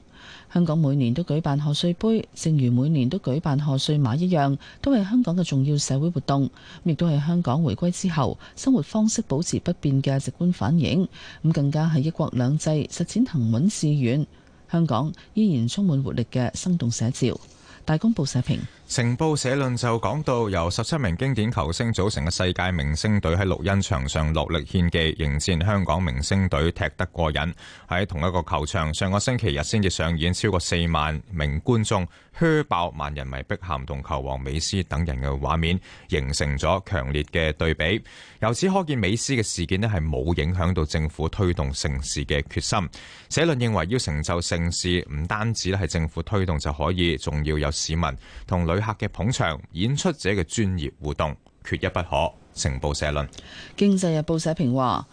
香港每年都舉辦賀歲杯，正如每年都舉辦賀歲馬一樣，都係香港嘅重要社會活動，亦都係香港回歸之後生活方式保持不變嘅直觀反應。咁更加係一國兩制實踐行穩致遠，香港依然充滿活力嘅生動寫照。大公報社評。《晨報社論》就講到，由十七名經典球星組成嘅世界明星隊喺錄音場上落力獻技，迎戰香港明星隊踢得過癮。喺同一個球場，上個星期日先至上演，超過四萬名觀眾，噓爆萬人迷碧咸同球王美斯等人嘅畫面，形成咗強烈嘅對比。由此可見，美斯嘅事件呢係冇影響到政府推動盛事嘅決心。社論認為，要成就盛事，唔單止咧係政府推動就可以，仲要有市民同旅客嘅捧場，演出者嘅專業互動，缺一不可。成報社論，《經濟日報》社評話：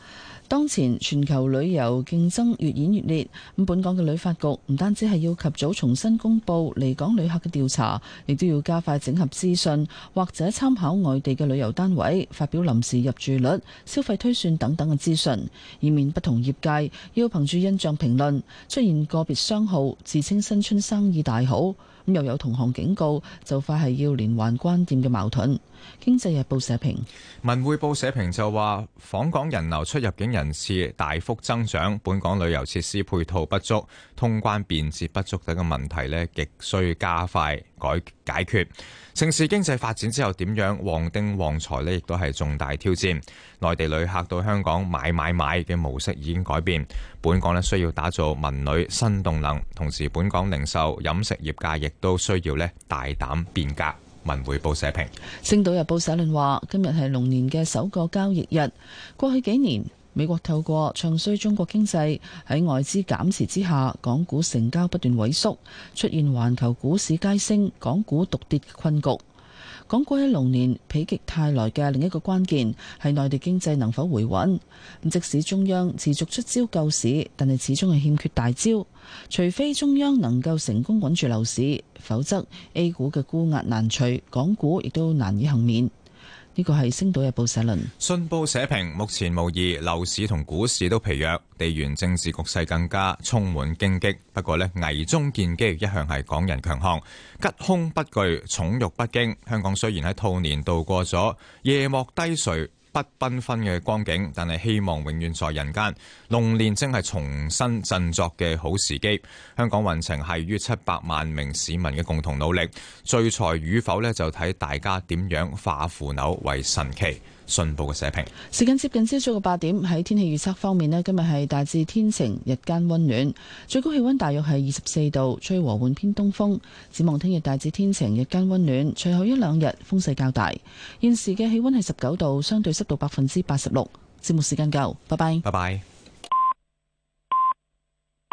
當前全球旅遊競爭越演越烈，咁本港嘅旅發局唔單止係要及早重新公布離港旅客嘅調查，亦都要加快整合資訊，或者參考外地嘅旅遊單位發表臨時入住率、消費推算等等嘅資訊，以免不同業界要憑住印象評論，出現個別商號自稱新春生意大好，咁又有同行警告，就快係要連環關店嘅矛盾。經濟日報社評，文匯報社評就話，訪港人流出入境人次大幅增長，本港旅遊設施配套不足、通關便捷不足等嘅問題咧，亦需加快改解決。城市經濟發展之後點樣旺丁旺財咧，亦都係重大挑戰。內地旅客到香港買買買嘅模式已經改變，本港咧需要打造文旅新動能，同時本港零售、飲食業界亦都需要咧大膽變革。文匯報社評，《星島日報》社論話：今日係龍年嘅首個交易日。過去幾年，美國透過唱衰中國經濟，喺外資減持之下，港股成交不斷萎縮，出現環球股市皆升，港股獨跌嘅困局。港股喺龍年否極泰來嘅另一個關鍵，係內地經濟能否回穩，即使中央持續出招救市，但係始終係欠缺大招。除非中央能夠成功穩住樓市，否則 A 股嘅沽壓難除，港股亦都難以幸免。呢個係星島日報社論。信報社評：目前無疑，樓市同股市都疲弱，地緣政治局勢更加充滿荊棘。不過呢，危中見機，一向係港人強項。吉凶不懼，寵辱不驚。香港雖然喺兔年度過咗夜幕低垂。不繽紛嘅光景，但係希望永遠在人間。龍年正係重新振作嘅好時機。香港運程係於七百萬名市民嘅共同努力，聚財與否呢？就睇大家點樣化腐朽為神奇。信報嘅社評，時間接近朝早嘅八點。喺天氣預測方面咧，今日係大致天晴，日間溫暖，最高氣溫大約係二十四度，吹和緩偏東風。展望聽日大致天晴，日間溫暖，隨後一兩日風勢較大。現時嘅氣溫係十九度，相對濕度百分之八十六。節目時間夠，拜拜，拜拜。